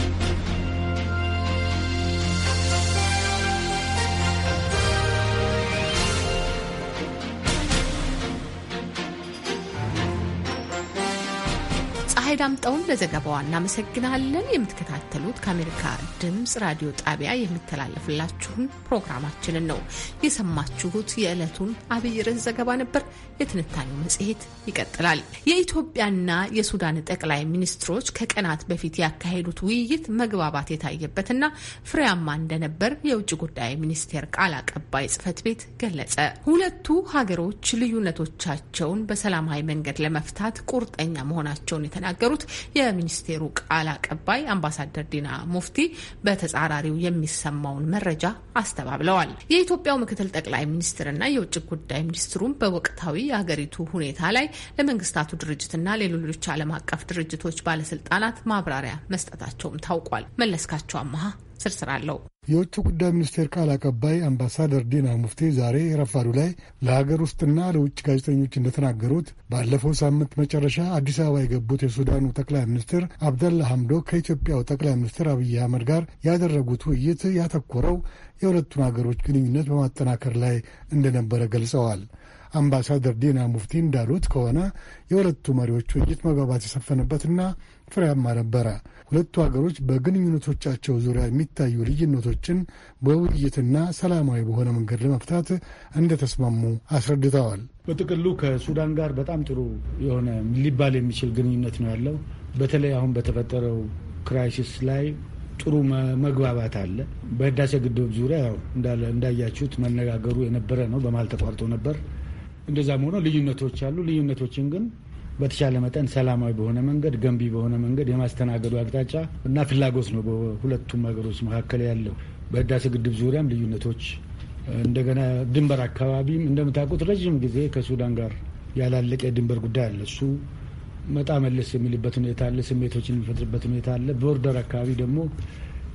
ፀሐይ ዳምጠውን ለዘገባዋ እናመሰግናለን። የምትከታተሉት ከአሜሪካ ድምፅ ራዲዮ ጣቢያ የሚተላለፍላችሁን ፕሮግራማችንን ነው። የሰማችሁት የዕለቱን አብይ ርዕስ ዘገባ ነበር። የትንታኔው መጽሔት ይቀጥላል። የኢትዮጵያና የሱዳን ጠቅላይ ሚኒስትሮች ከቀናት በፊት ያካሄዱት ውይይት መግባባት የታየበትና ፍሬያማ እንደነበር የውጭ ጉዳይ ሚኒስቴር ቃል አቀባይ ጽህፈት ቤት ገለጸ። ሁለቱ ሀገሮች ልዩነቶቻቸውን በሰላማዊ መንገድ ለመፍታት ቁርጠኛ መሆናቸውን የተናገ የተናገሩት የሚኒስቴሩ ቃል አቀባይ አምባሳደር ዲና ሙፍቲ በተጻራሪው የሚሰማውን መረጃ አስተባብለዋል። የኢትዮጵያው ምክትል ጠቅላይ ሚኒስትርና የውጭ ጉዳይ ሚኒስትሩም በወቅታዊ የሀገሪቱ ሁኔታ ላይ ለመንግስታቱ ድርጅትና ሌሎች ዓለም አቀፍ ድርጅቶች ባለስልጣናት ማብራሪያ መስጠታቸውም ታውቋል። መለስካቸው አመሃ ስር ስር አለው። የውጭ ጉዳይ ሚኒስቴር ቃል አቀባይ አምባሳደር ዲና ሙፍቲ ዛሬ ረፋዱ ላይ ለሀገር ውስጥና ለውጭ ጋዜጠኞች እንደተናገሩት ባለፈው ሳምንት መጨረሻ አዲስ አበባ የገቡት የሱዳኑ ጠቅላይ ሚኒስትር አብደላ ሐምዶክ ከኢትዮጵያው ጠቅላይ ሚኒስትር አብይ አህመድ ጋር ያደረጉት ውይይት ያተኮረው የሁለቱን ሀገሮች ግንኙነት በማጠናከር ላይ እንደነበረ ገልጸዋል። አምባሳደር ዲና ሙፍቲ እንዳሉት ከሆነ የሁለቱ መሪዎች ውይይት መግባባት የሰፈነበትና ፍሬያማ ነበረ። ሁለቱ ሀገሮች በግንኙነቶቻቸው ዙሪያ የሚታዩ ልዩነቶችን በውይይትና ሰላማዊ በሆነ መንገድ ለመፍታት እንደተስማሙ አስረድተዋል። በጥቅሉ ከሱዳን ጋር በጣም ጥሩ የሆነ ሊባል የሚችል ግንኙነት ነው ያለው። በተለይ አሁን በተፈጠረው ክራይሲስ ላይ ጥሩ መግባባት አለ። በህዳሴ ግድብ ዙሪያ ያው እንዳያችሁት መነጋገሩ የነበረ ነው፣ በመሀል ተቋርጦ ነበር። እንደዛም ሆኖ ልዩነቶች አሉ። ልዩነቶችን ግን በተሻለ መጠን ሰላማዊ በሆነ መንገድ ገንቢ በሆነ መንገድ የማስተናገዱ አቅጣጫ እና ፍላጎት ነው በሁለቱም ሀገሮች መካከል ያለው። በህዳሴ ግድብ ዙሪያም ልዩነቶች እንደገና ድንበር አካባቢም እንደምታውቁት ረዥም ጊዜ ከሱዳን ጋር ያላለቀ የድንበር ጉዳይ አለ። እሱ መጣ መለስ የሚልበት ሁኔታ አለ፣ ስሜቶችን የሚፈጥርበት ሁኔታ አለ። ቦርደር አካባቢ ደግሞ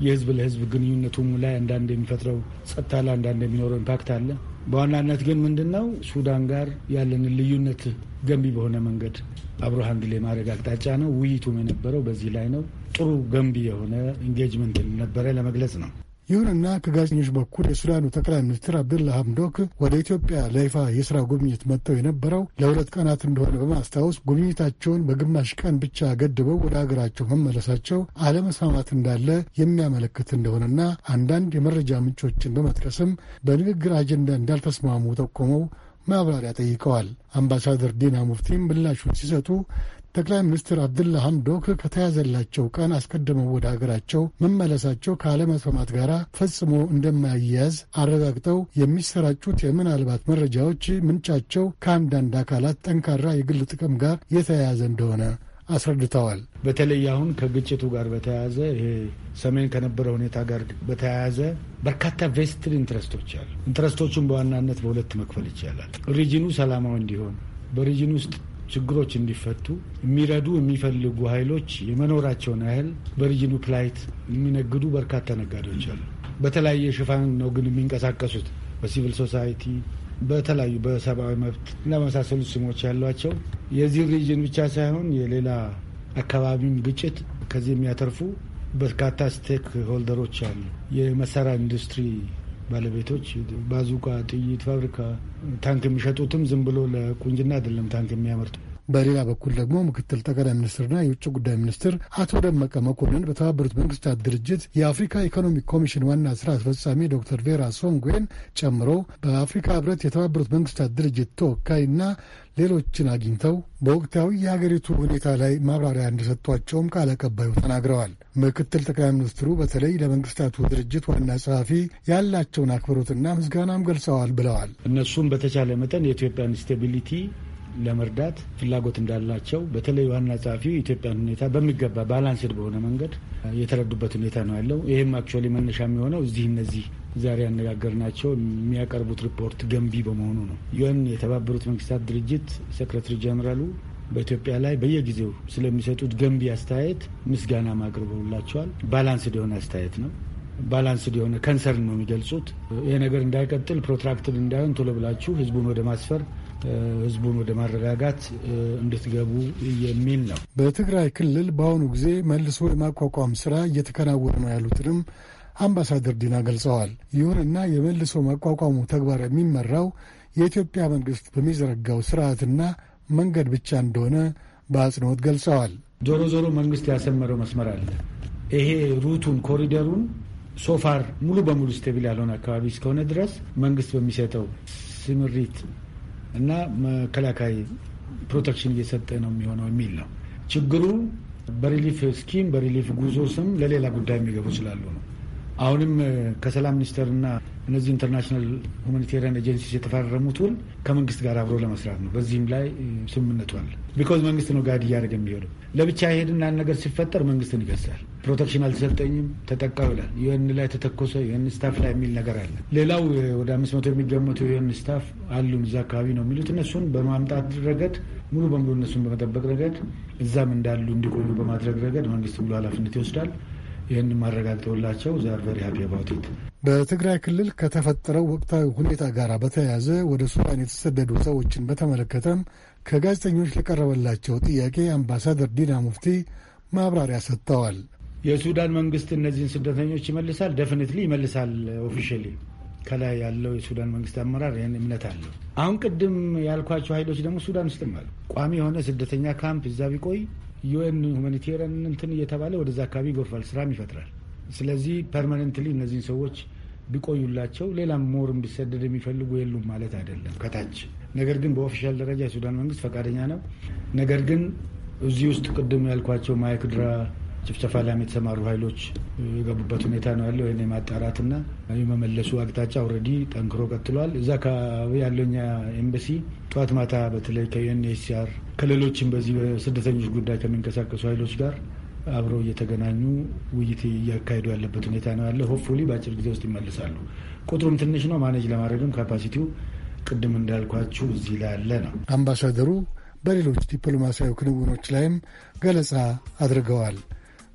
የህዝብ ለህዝብ ግንኙነቱም ላይ አንዳንድ የሚፈጥረው ጸጥታ ላይ አንዳንድ የሚኖረው ኢምፓክት አለ። በዋናነት ግን ምንድን ነው ሱዳን ጋር ያለንን ልዩነት ገንቢ በሆነ መንገድ አብሮ ሀንድል የማድረግ አቅጣጫ ነው። ውይይቱም የነበረው በዚህ ላይ ነው። ጥሩ ገንቢ የሆነ ኢንጌጅመንት ነበረ ለመግለጽ ነው። ይሁንና ከጋዜጠኞች በኩል የሱዳኑ ጠቅላይ ሚኒስትር አብደላ ሀምዶክ ወደ ኢትዮጵያ ለይፋ የሥራ ጉብኝት መጥተው የነበረው ለሁለት ቀናት እንደሆነ በማስታወስ ጉብኝታቸውን በግማሽ ቀን ብቻ ገድበው ወደ አገራቸው መመለሳቸው አለመስማማት እንዳለ የሚያመለክት እንደሆነና አንዳንድ የመረጃ ምንጮችን በመጥቀስም በንግግር አጀንዳ እንዳልተስማሙ ጠቁመው ማብራሪያ ጠይቀዋል። አምባሳደር ዲና ሙፍቲም ምላሹን ሲሰጡ ጠቅላይ ሚኒስትር አብድላ ሐምዶክ ከተያዘላቸው ቀን አስቀድመው ወደ ሀገራቸው መመለሳቸው ከአለመስማማት ጋር ፈጽሞ እንደማያያዝ አረጋግጠው የሚሰራጩት የምናልባት መረጃዎች ምንጫቸው ከአንዳንድ አካላት ጠንካራ የግል ጥቅም ጋር የተያያዘ እንደሆነ አስረድተዋል። በተለይ አሁን ከግጭቱ ጋር በተያያዘ ይሄ ሰሜን ከነበረ ሁኔታ ጋር በተያያዘ በርካታ ቬስትድ ኢንትረስቶች አሉ። ኢንትረስቶቹን በዋናነት በሁለት መክፈል ይቻላል። ሪጅኑ ሰላማዊ እንዲሆን በሪጅን ውስጥ ችግሮች እንዲፈቱ የሚረዱ የሚፈልጉ ኃይሎች የመኖራቸውን ያህል በሪጅኑ ፕላይት የሚነግዱ በርካታ ነጋዴዎች አሉ። በተለያየ ሽፋን ነው ግን የሚንቀሳቀሱት በሲቪል ሶሳይቲ በተለያዩ በሰብአዊ መብት እና መሳሰሉት ስሞች ያሏቸው የዚህ ሪጅን ብቻ ሳይሆን የሌላ አካባቢም ግጭት ከዚህ የሚያተርፉ በርካታ ስቴክ ሆልደሮች አሉ። የመሳሪያ ኢንዱስትሪ ባለቤቶች ባዙቃ፣ ጥይት ፋብሪካ፣ ታንክ የሚሸጡትም ዝም ብሎ ለቁንጅና አይደለም ታንክ የሚያመርቱ። በሌላ በኩል ደግሞ ምክትል ጠቅላይ ሚኒስትርና የውጭ ጉዳይ ሚኒስትር አቶ ደመቀ መኮንን በተባበሩት መንግስታት ድርጅት የአፍሪካ ኢኮኖሚክ ኮሚሽን ዋና ስራ አስፈጻሚ ዶክተር ቬራ ሶንጉዌን ጨምሮ በአፍሪካ ህብረት የተባበሩት መንግስታት ድርጅት ተወካይና ሌሎችን አግኝተው በወቅታዊ የሀገሪቱ ሁኔታ ላይ ማብራሪያ እንደሰጧቸውም ቃል አቀባዩ ተናግረዋል። ምክትል ጠቅላይ ሚኒስትሩ በተለይ ለመንግስታቱ ድርጅት ዋና ጸሐፊ ያላቸውን አክብሮትና ምስጋናም ገልጸዋል ብለዋል። እነሱም በተቻለ መጠን የኢትዮጵያን ስቴቢሊቲ ለመርዳት ፍላጎት እንዳላቸው በተለይ ዋና ጸሐፊው የኢትዮጵያን ሁኔታ በሚገባ ባላንስድ በሆነ መንገድ የተረዱበት ሁኔታ ነው ያለው። ይህም አክቹዋሊ መነሻ የሚሆነው እዚህ እነዚህ ዛሬ ያነጋገርናቸው የሚያቀርቡት ሪፖርት ገንቢ በመሆኑ ነው። ዩን የተባበሩት መንግስታት ድርጅት ሴክረታሪ ጀኔራሉ በኢትዮጵያ ላይ በየጊዜው ስለሚሰጡት ገንቢ አስተያየት ምስጋና ማቅርበውላቸዋል። ባላንስድ የሆነ አስተያየት ነው። ባላንስድ የሆነ ከንሰርን ነው የሚገልጹት። ይሄ ነገር እንዳይቀጥል ፕሮትራክትድ እንዳይሆን ቶሎ ብላችሁ ህዝቡን ወደ ማስፈር ህዝቡን ወደ ማረጋጋት እንድትገቡ የሚል ነው። በትግራይ ክልል በአሁኑ ጊዜ መልሶ የማቋቋም ስራ እየተከናወነ ነው ያሉትንም አምባሳደር ዲና ገልጸዋል። ይሁንና የመልሶ ማቋቋሙ ተግባር የሚመራው የኢትዮጵያ መንግስት በሚዘረጋው ስርዓትና መንገድ ብቻ እንደሆነ በአጽንኦት ገልጸዋል። ዞሮ ዞሮ መንግስት ያሰመረው መስመር አለ። ይሄ ሩቱን ኮሪደሩን ሶፋር ሙሉ በሙሉ ስቴብል ያልሆነ አካባቢ እስከሆነ ድረስ መንግስት በሚሰጠው ስምሪት እና መከላከያ ፕሮቴክሽን እየሰጠ ነው የሚሆነው የሚል ነው። ችግሩ በሪሊፍ ስኪም በሪሊፍ ጉዞ ስም ለሌላ ጉዳይ የሚገቡ ስላሉ ነው። አሁንም ከሰላም ሚኒስቴርና እነዚህ ኢንተርናሽናል ሁማኒቴሪያን ኤጀንሲስ የተፈራረሙት ውል ከመንግስት ጋር አብሮ ለመስራት ነው። በዚህም ላይ ስምምነቱ አለ። ቢኮዝ መንግስት ነው ጋድ እያደረገ የሚሄደው። ለብቻ ሄድና ነገር ሲፈጠር መንግስትን ይከሳል። ፕሮቴክሽን አልተሰጠኝም ተጠቃው ይላል። ዩኤን ላይ ተተኮሰ፣ ዩኤን ስታፍ ላይ የሚል ነገር አለ። ሌላው ወደ አምስት መቶ የሚገመቱ ዩኤን ስታፍ አሉን እዛ አካባቢ ነው የሚሉት እነሱን በማምጣት ረገድ ሙሉ በሙሉ እነሱን በመጠበቅ ረገድ እዛም እንዳሉ እንዲቆዩ በማድረግ ረገድ መንግስት ሙሉ ኃላፊነት ይወስዳል። ይህን ማረጋግጠውላቸው ዛር ቨሪ ሀፒ አባውቲት። በትግራይ ክልል ከተፈጠረው ወቅታዊ ሁኔታ ጋር በተያያዘ ወደ ሱዳን የተሰደዱ ሰዎችን በተመለከተም ከጋዜጠኞች ለቀረበላቸው ጥያቄ አምባሳደር ዲና ሙፍቲ ማብራሪያ ሰጥተዋል። የሱዳን መንግስት እነዚህን ስደተኞች ይመልሳል፣ ደፍኒትሊ ይመልሳል። ኦፊሻሊ ከላይ ያለው የሱዳን መንግስት አመራር ይህን እምነት አለው። አሁን ቅድም ያልኳቸው ኃይሎች ደግሞ ሱዳን ውስጥም አሉ። ቋሚ የሆነ ስደተኛ ካምፕ እዛ ቢቆይ ዩኤን ሁማኒቴሪያን እንትን እየተባለ ወደዛ አካባቢ ይጎርፋል፣ ስራም ይፈጥራል። ስለዚህ ፐርማነንትሊ እነዚህን ሰዎች ቢቆዩላቸው ሌላም ሞርም ቢሰደድ የሚፈልጉ የሉም ማለት አይደለም ከታች ነገር ግን በኦፊሻል ደረጃ የሱዳን መንግስት ፈቃደኛ ነው። ነገር ግን እዚህ ውስጥ ቅድም ያልኳቸው ማይክድራ ጭፍጨፋ ላይም የተሰማሩ ኃይሎች የገቡበት ሁኔታ ነው ያለው። ይህን የማጣራትና የመመለሱ አቅጣጫ ኦልሬዲ ጠንክሮ ቀጥሏል። እዛ አካባቢ ያለው ኤምበሲ ጠዋት ማታ በተለይ ከዩኤንኤችሲአር ከሌሎችም በዚህ በስደተኞች ጉዳይ ከሚንቀሳቀሱ ኃይሎች ጋር አብረው እየተገናኙ ውይይት እያካሄዱ ያለበት ሁኔታ ነው ያለ። ሆፕፉሊ በአጭር ጊዜ ውስጥ ይመልሳሉ። ቁጥሩም ትንሽ ነው። ማኔጅ ለማድረግም ካፓሲቲው ቅድም እንዳልኳችሁ እዚህ ላይ ያለ ነው። አምባሳደሩ በሌሎች ዲፕሎማሲያዊ ክንውኖች ላይም ገለጻ አድርገዋል።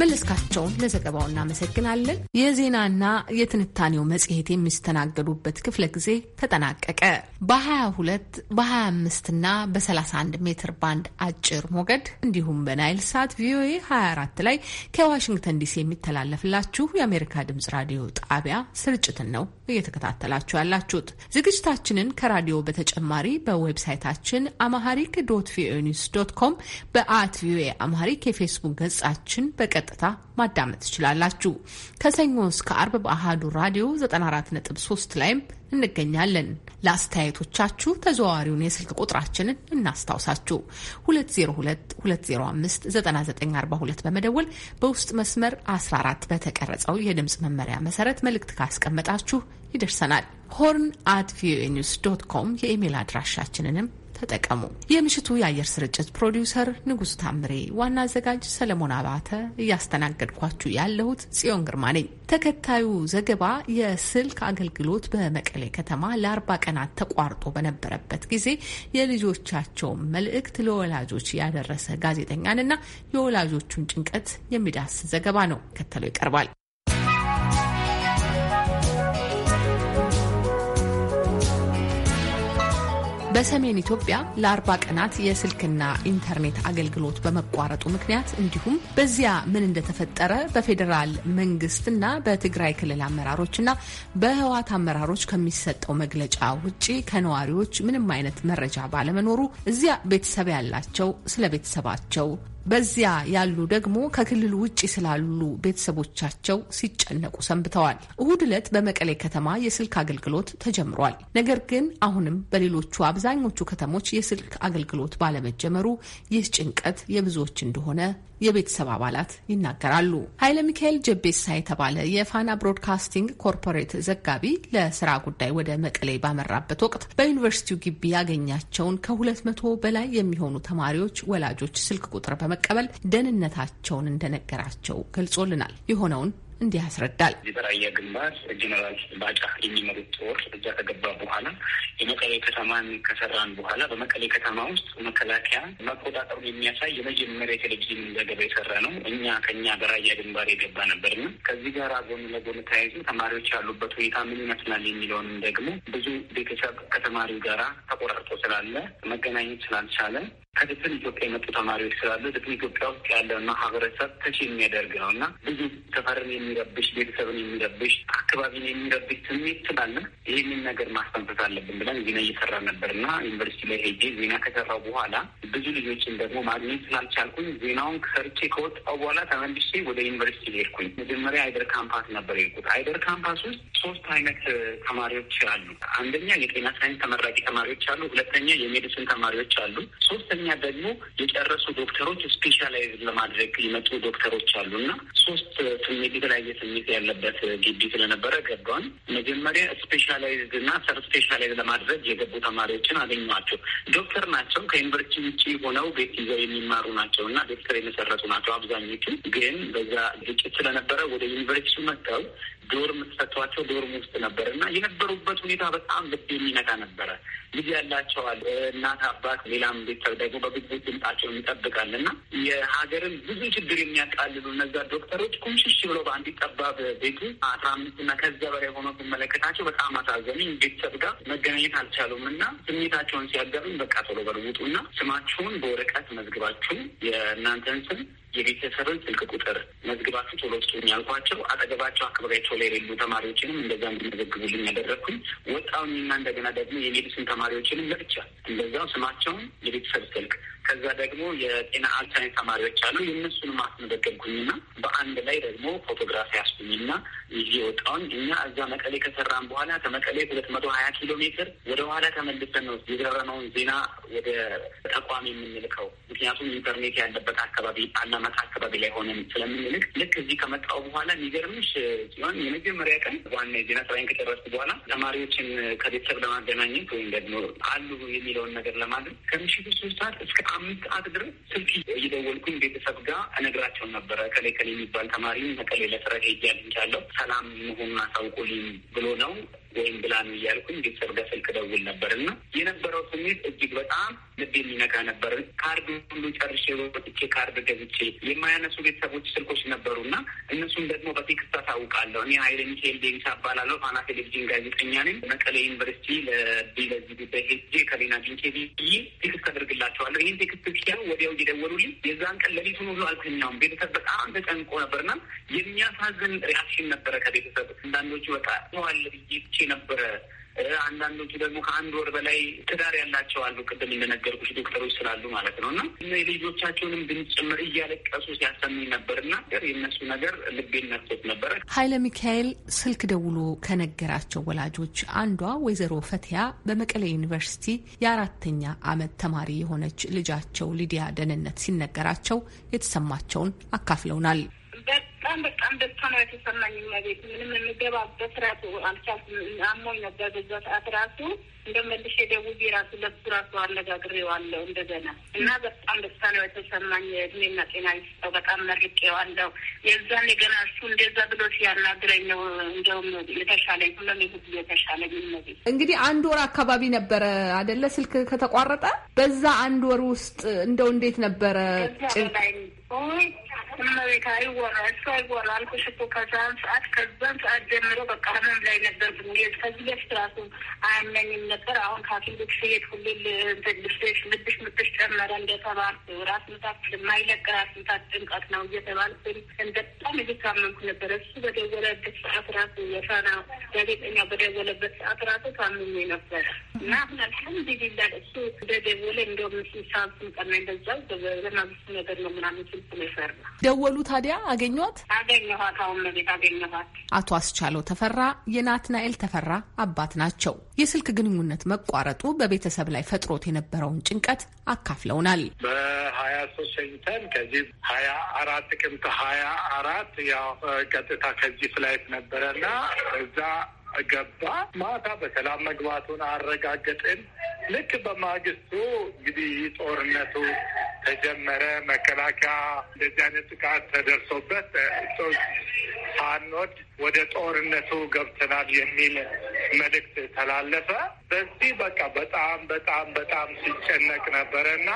መለስካቸውን ለዘገባው እናመሰግናለን። የዜናና የትንታኔው መጽሔት የሚስተናገዱበት ክፍለ ጊዜ ተጠናቀቀ። በ22 በ25 ና በ31 ሜትር ባንድ አጭር ሞገድ እንዲሁም በናይል ሳት ቪኦኤ 24 ላይ ከዋሽንግተን ዲሲ የሚተላለፍላችሁ የአሜሪካ ድምጽ ራዲዮ ጣቢያ ስርጭትን ነው እየተከታተላችሁ ያላችሁት። ዝግጅታችንን ከራዲዮ በተጨማሪ በዌብሳይታችን አማሃሪክ ዶት ቪኦኤ ኒውስ ዶት ኮም በአት ቪኦኤ አማሃሪክ የፌስቡክ ገጻችን በቀጥ በቀጥታ ማዳመጥ ትችላላችሁ። ከሰኞ እስከ አርብ በአሃዱ ራዲዮ 94.3 ላይም እንገኛለን። ለአስተያየቶቻችሁ ተዘዋዋሪውን የስልክ ቁጥራችንን እናስታውሳችሁ 2022059942 በመደወል በውስጥ መስመር 14 በተቀረጸው የድምፅ መመሪያ መሰረት መልእክት ካስቀመጣችሁ ይደርሰናል። ሆርን አት ቪኦኤ ኒውስ ዶት ኮም የኢሜይል አድራሻችንንም ተጠቀሙ። የምሽቱ የአየር ስርጭት ፕሮዲውሰር ንጉሱ ታምሬ፣ ዋና አዘጋጅ ሰለሞን አባተ፣ እያስተናገድኳችሁ ያለሁት ጽዮን ግርማ ነኝ። ተከታዩ ዘገባ የስልክ አገልግሎት በመቀሌ ከተማ ለአርባ ቀናት ተቋርጦ በነበረበት ጊዜ የልጆቻቸውን መልእክት ለወላጆች ያደረሰ ጋዜጠኛንና የወላጆቹን ጭንቀት የሚዳስ ዘገባ ነው። ከተለው ይቀርባል። በሰሜን ኢትዮጵያ ለአርባ ቀናት የስልክና ኢንተርኔት አገልግሎት በመቋረጡ ምክንያት እንዲሁም በዚያ ምን እንደተፈጠረ በፌዴራል መንግስትና በትግራይ ክልል አመራሮችና በህወሀት አመራሮች ከሚሰጠው መግለጫ ውጪ ከነዋሪዎች ምንም አይነት መረጃ ባለመኖሩ እዚያ ቤተሰብ ያላቸው ስለ ቤተሰባቸው በዚያ ያሉ ደግሞ ከክልሉ ውጭ ስላሉ ቤተሰቦቻቸው ሲጨነቁ ሰንብተዋል። እሁድ ዕለት በመቀሌ ከተማ የስልክ አገልግሎት ተጀምሯል። ነገር ግን አሁንም በሌሎቹ አብዛኞቹ ከተሞች የስልክ አገልግሎት ባለመጀመሩ ይህ ጭንቀት የብዙዎች እንደሆነ የቤተሰብ አባላት ይናገራሉ። ኃይለ ሚካኤል ጀቤሳ የተባለ የፋና ብሮድካስቲንግ ኮርፖሬት ዘጋቢ ለስራ ጉዳይ ወደ መቀሌ ባመራበት ወቅት በዩኒቨርሲቲው ግቢ ያገኛቸውን ከሁለት መቶ በላይ የሚሆኑ ተማሪዎች ወላጆች ስልክ ቁጥር በመቀበል ደህንነታቸውን እንደነገራቸው ገልጾልናል። የሆነውን እንዲህ ያስረዳል። የበራያ ግንባር ጀነራል ባጫ የሚመሩት ጦር እዛ ከገባ በኋላ የመቀሌ ከተማን ከሰራን በኋላ በመቀሌ ከተማ ውስጥ መከላከያ መቆጣጠሩን የሚያሳይ የመጀመሪያ የቴሌቪዥን ዘገባ የሰራ ነው። እኛ ከኛ በራያ ግንባር የገባ ነበርና ከዚህ ጋር ጎን ለጎን ተያይዞ ተማሪዎች ያሉበት ሁኔታ ምን ይመስላል የሚለውንም ደግሞ ብዙ ቤተሰብ ከተማሪው ጋር ተቆራርጦ ስላለ መገናኘት ስላልቻለ ከድፍን ኢትዮጵያ የመጡ ተማሪዎች ስላሉ ድፍን ኢትዮጵያ ውስጥ ያለ ማህበረሰብ ተች የሚያደርግ ነው እና ብዙ ሰፈርን የሚረብሽ ቤተሰብን የሚረብሽ አካባቢን የሚረብሽ ስሜት ስላለ ይህንን ነገር ማስጠንፈስ አለብን ብለን ዜና እየሰራ ነበር እና ዩኒቨርሲቲ ላይ ሄጄ ዜና ከሰራው በኋላ ብዙ ልጆችን ደግሞ ማግኘት ስላልቻልኩኝ ዜናውን ሰርቼ ከወጣው በኋላ ተመልሼ ወደ ዩኒቨርሲቲ ሄድኩኝ። መጀመሪያ አይደር ካምፓስ ነበር የሄድኩት። አይደር ካምፓስ ውስጥ ሶስት አይነት ተማሪዎች አሉ። አንደኛ የጤና ሳይንስ ተመራቂ ተማሪዎች አሉ። ሁለተኛ የሜዲሲን ተማሪዎች አሉ። ሶስተኛ ደግሞ የጨረሱ ዶክተሮች ስፔሻላይዝ ለማድረግ የመጡ ዶክተሮች አሉ እና ሶስት ስሜት የተለያዩ የተለያየ ስሜት ያለበት ግቢ ስለነበረ ገባን። መጀመሪያ ስፔሻላይዝድ እና ሰር ስፔሻላይዝ ለማድረግ የገቡ ተማሪዎችን አገኘኋቸው። ዶክተር ናቸው፣ ከዩኒቨርሲቲ ውጭ ሆነው ቤት ይዘው የሚማሩ ናቸው እና ዶክተር የመሰረቱ ናቸው አብዛኞቹ። ግን በዛ ግጭት ስለነበረ ወደ ዩኒቨርሲቲ መጥተው ዶርም ተሰጥቷቸው ዶርም ውስጥ ነበር እና የነበሩበት ሁኔታ በጣም ልብ የሚነካ ነበረ። ልጅ ያላቸዋል እናት አባት፣ ሌላም ቤተሰብ ደግሞ በግቡ ድምጣቸውን ይጠብቃል እና የሀገርን ብዙ ችግር የሚያቃልሉ እነዛ ዶክተሮች ኩምሽሽ ብሎ በአንዲት ጠባብ ቤቱ አስራ አምስት እና ከዛ በላይ ሆኖ ስመለከታቸው በጣም አሳዘኑኝ። ቤተሰብ ጋር መገናኘት አልቻሉም እና ስሜታቸውን ሲያገሩኝ በቃ ቶሎ በልውጡ እና ስማችሁን በወረቀት መዝግባችሁ የእናንተን ስም የቤተሰብን ስልክ ቁጥር መዝግባችሁ ቶሎ ስጡኝ ያልኳቸው አጠገባቸው አካባቢያቸው ላይ የሌሉ ተማሪዎችንም እንደዛ እንዲመዘግቡልኝ ያደረግኩኝ ወጣውኝና እንደገና ደግሞ የሚሄዱትን ተማሪዎችንም ለብቻ እንደዛው ስማቸውን የቤተሰብ ስልክ ከዛ ደግሞ የጤና ሳይንስ ተማሪዎች አሉ። የእነሱን ማስመዘገብኩኝና በአንድ ላይ ደግሞ ፎቶግራፊ ያስኩኝና ይዤ እኛ እዛ መቀሌ ከሰራን በኋላ ከመቀሌ ሁለት መቶ ሀያ ኪሎ ሜትር ወደ ኋላ ተመልሰን ነው የደረመውን ዜና ወደ ተቋም የምንልከው። ምክንያቱም ኢንተርኔት ያለበት አካባቢ አናማት አካባቢ ላይ ሆነን ስለምንልክ ልክ እዚህ ከመጣው በኋላ የሚገርምሽ ሲሆን የመጀመሪያ ቀን ዋና የዜና ስራዬን ከጨረስኩ በኋላ ተማሪዎችን ከቤተሰብ ለማገናኘት ወይም ደግሞ አሉ የሚለውን ነገር ለማድረግ ከምሽቱ ሶስት ሰዓት እስከ አምስት ሰዓት ድረስ ስልክ እየደወልኩኝ ቤተሰብ ጋር እነግራቸውን ነበረ። ከሌ ከሌ የሚባል ተማሪ መቀሌ ለስራ ሄጃ ልንቻለው ሰላም መሆኑን አሳውቁልኝ ብሎ ነው ወይም ብላኑ እያልኩኝ ቤተሰብ ጋር ስልክ ደውል ነበር እና የነበረው ስሜት እጅግ በጣም ልብ የሚነካ ነበር። ካርድ ሁሉ ጨርሼ ወጥቼ ካርድ ገዝቼ የማያነሱ ቤተሰቦች ስልኮች ነበሩ እና እነሱም ደግሞ በቴክስት አሳውቃለሁ። እኔ ሀይለ ሚካኤል ቤንሳ እባላለሁ። ፋና ቴሌቪዥን ጋዜጠኛ ነኝ። መቀሌ ዩኒቨርሲቲ ለቢ ለዚህ ጉዳይ ሄጄ ከሌና ጅንኬ ብዬ ቴክስት አድርግላቸዋለሁ። ይህን ቴክስት ብቻ ወዲያው እየደወሉልኝ የዛን ቀን ሌሊቱን ሁሉ አልተኛውም። ቤተሰብ በጣም ተጨንቆ ነበርና የሚያሳዝን ሪያክሽን ነበረ ከቤተሰብ አንዳንዶቹ በቃ ዋለ ብዬ ነበረ። አንዳንዶቹ ደግሞ ከአንድ ወር በላይ ትዳር ያላቸው አሉ። ቅድም እንደነገርኩሽ ዶክተሮች ስላሉ ማለት ነው እና ልጆቻቸውንም ድምፅ ጭምር እያለቀሱ ሲያሰሙኝ ነበር እና የእነሱ ነገር ልቤን ነርቶት ነበረ። ኃይለ ሚካኤል ስልክ ደውሎ ከነገራቸው ወላጆች አንዷ ወይዘሮ ፈትያ በመቀሌ ዩኒቨርሲቲ የአራተኛ አመት ተማሪ የሆነች ልጃቸው ሊዲያ ደህንነት ሲነገራቸው የተሰማቸውን አካፍለውናል። በጣም በጣም ደስታ ነው የተሰማኝ። ቤት ምንም የምገባበት ራሱ አልቻልኩም። አሞኝ ነበር በዛ ሰዓት ራሱ እንደ መልሼ ደውዬ ራሱ ለብሱ ራሱ አነጋግሬዋለሁ እንደገና እና በጣም ደስታ ነው የተሰማኝ። እድሜና ጤና ይስጠው። በጣም መርቄዋለሁ። የዛን ገና እሱ እንደዛ ብሎ ሲያናግረኝ ነው እንደውም የተሻለኝ ሁለም ሁሉ የተሻለኝ መቤት። እንግዲህ አንድ ወር አካባቢ ነበረ አደለ ስልክ ከተቋረጠ። በዛ አንድ ወር ውስጥ እንደው እንዴት ነበረ እመቤት አይወራ እሱ አይወራ አልኩሽ እኮ ከዛን ሰዓት ከዛን ሰዓት ጀምሮ በቃ ህመም ላይ ነበር። ከዚህ በፊት ራሱ አያመኝም ነበር። አሁን ካፊሎች ስሄድ ሁሌ ልብሽ ልብሽ ምትሽ ጨመረ እንደተባልኩ ራስ ምታት የማይለቅ ራስ ምታት ጭንቀት ነው እየተባልኩ በጣም እየታመምኩ ነበር። እሱ በደወለበት ሰዓት ራሱ የፋና ጋዜጠኛ በደወለበት ሰዓት ራሱ ታምሜ ነበረ። እና አሁን አልሐምዱሊላ እሱ እንደደወለ እንደውም ሳብ ስንቀናኝ በዛው በማግስቱ ነገር ነው ምናምን ስልክ ነው የፈራ ደወሉ። ታዲያ አገኘኋት አገኘኋት አሁን መቤት አገኘኋት። አቶ አስቻለው ተፈራ የናትናኤል ተፈራ አባት ናቸው። የስልክ ግንኙነት መቋረጡ በቤተሰብ ላይ ፈጥሮት የነበረውን ጭንቀት አካፍለውናል። በሀያ ሶስት ሸኝተን ከዚህ ሀያ አራት ጥቅምት ሀያ አራት ያው ቀጥታ ከዚህ ፍላይት ነበረ ነበረና እዛ ገባ። ማታ በሰላም መግባቱን አረጋገጥን። ልክ በማግስቱ እንግዲህ ጦርነቱ ተጀመረ። መከላከያ እንደዚህ አይነት ጥቃት ተደርሶበት ሳንወድ ወደ ጦርነቱ ገብተናል የሚል መልእክት ተላለፈ። በዚህ በቃ በጣም በጣም በጣም ሲጨነቅ ነበረ እና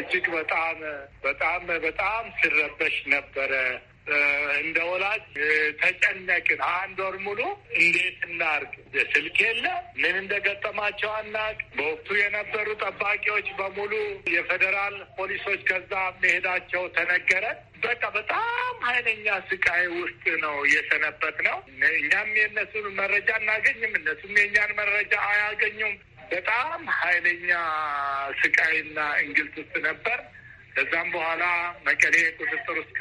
እጅግ በጣም በጣም በጣም ሲረበሽ ነበረ እንደ ወላጅ ተጨነቅን። አንድ ወር ሙሉ እንዴት እናርግ? ስልክ የለ፣ ምን እንደገጠማቸው አናቅ። በወቅቱ የነበሩ ጠባቂዎች በሙሉ የፌዴራል ፖሊሶች ከዛ መሄዳቸው ተነገረ። በቃ በጣም ኃይለኛ ስቃይ ውስጥ ነው የሰነበት ነው። እኛም የእነሱን መረጃ አናገኝም፣ እነሱም የእኛን መረጃ አያገኙም። በጣም ኃይለኛ ስቃይና እንግልት ውስጥ ነበር። ከዛም በኋላ መቀሌ ቁጥጥር ውስጥ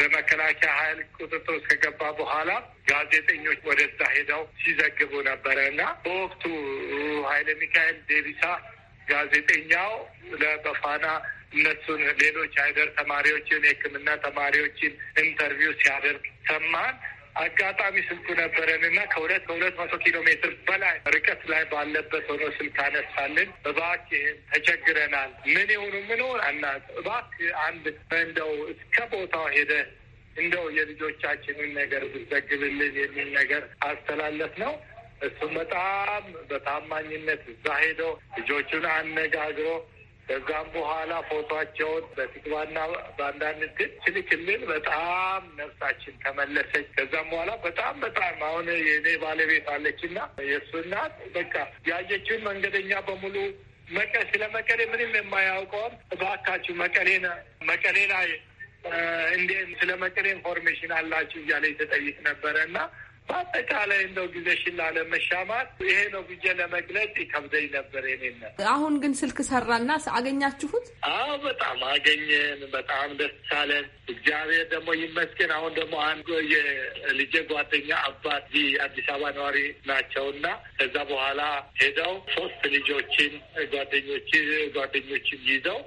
በመከላከያ ኃይል ቁጥጥር ከገባ በኋላ ጋዜጠኞች ወደዛ ሄደው ሲዘግቡ ነበረ እና በወቅቱ ኃይለ ሚካኤል ዴቢሳ ጋዜጠኛው ለበፋና እነሱን ሌሎች አይደር ተማሪዎችን የሕክምና ተማሪዎችን ኢንተርቪው ሲያደርግ ሰማን። አጋጣሚ ስልኩ ነበረን እና ከሁለት ከሁለት መቶ ኪሎ ሜትር በላይ ርቀት ላይ ባለበት ሆኖ ስልክ አነሳልን። እባክህ ተቸግረናል፣ ምን የሆኑ ምን ሆን እና እባክህ አንድ እንደው እስከ ቦታው ሄደ እንደው የልጆቻችንን ነገር ብዘግብልን የሚል ነገር አስተላለፍ ነው። እሱም በጣም በታማኝነት እዛ ሄዶ ልጆቹን አነጋግሮ ከዛም በኋላ ፎቶቸውን በትግባና በአንዳንድ ግን ስልክልን በጣም ነፍሳችን ተመለሰች። ከዛም በኋላ በጣም በጣም አሁን የእኔ ባለቤት አለችና የእሱ እናት በቃ ያየችውን መንገደኛ በሙሉ መቀ ስለ መቀሌ ምንም የማያውቀውም እባካችሁ መቀሌን መቀሌ ላይ እንዴ ስለ መቀሌ ኢንፎርሜሽን አላችሁ እያለ የተጠይቅ ነበረ እና በአጠቃላይ እንደው ጊዜሽን ላለመሻማት ይሄ ነው ብዬ ለመግለጽ ይከብደኝ ነበር። የኔነት አሁን ግን ስልክ ሰራና አገኛችሁት? አዎ በጣም አገኘን። በጣም ደስ ሳለን። እግዚአብሔር ደግሞ ይመስገን። አሁን ደግሞ አንዱ የልጄ ጓደኛ አባት አዲስ አበባ ነዋሪ ናቸው ናቸውና ከዛ በኋላ ሄደው ሶስት ልጆችን ጓደኞች ጓደኞችን ይዘው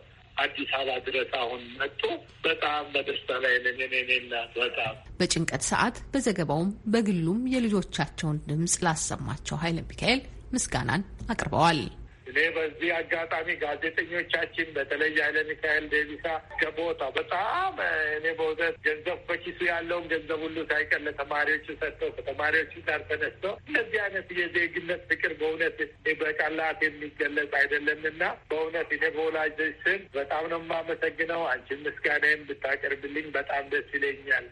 አዲስ አበባ ድረስ አሁን መጥቶ በጣም በደስታ ላይ ነኔኔና በጣም በጭንቀት ሰዓት በዘገባውም በግሉም የልጆቻቸውን ድምፅ ላሰማቸው ኃይለ ሚካኤል ምስጋናን አቅርበዋል። እኔ በዚህ አጋጣሚ ጋዜጠኞቻችን በተለይ ኃይለ ሚካኤል ዴቢሳ ከቦታ በጣም እኔ በእውነት ገንዘብ በኪሱ ያለውን ገንዘብ ሁሉ ሳይቀር ለተማሪዎቹ ሰጥተው ከተማሪዎቹ ጋር ተነስተው እነዚህ አይነት የዜግነት ፍቅር በእውነት በቃላት የሚገለጽ አይደለምና በእውነት እኔ በወላጅ ስም በጣም ነው የማመሰግነው። አንቺን ምስጋናዬን ብታቀርብልኝ በጣም ደስ ይለኛል።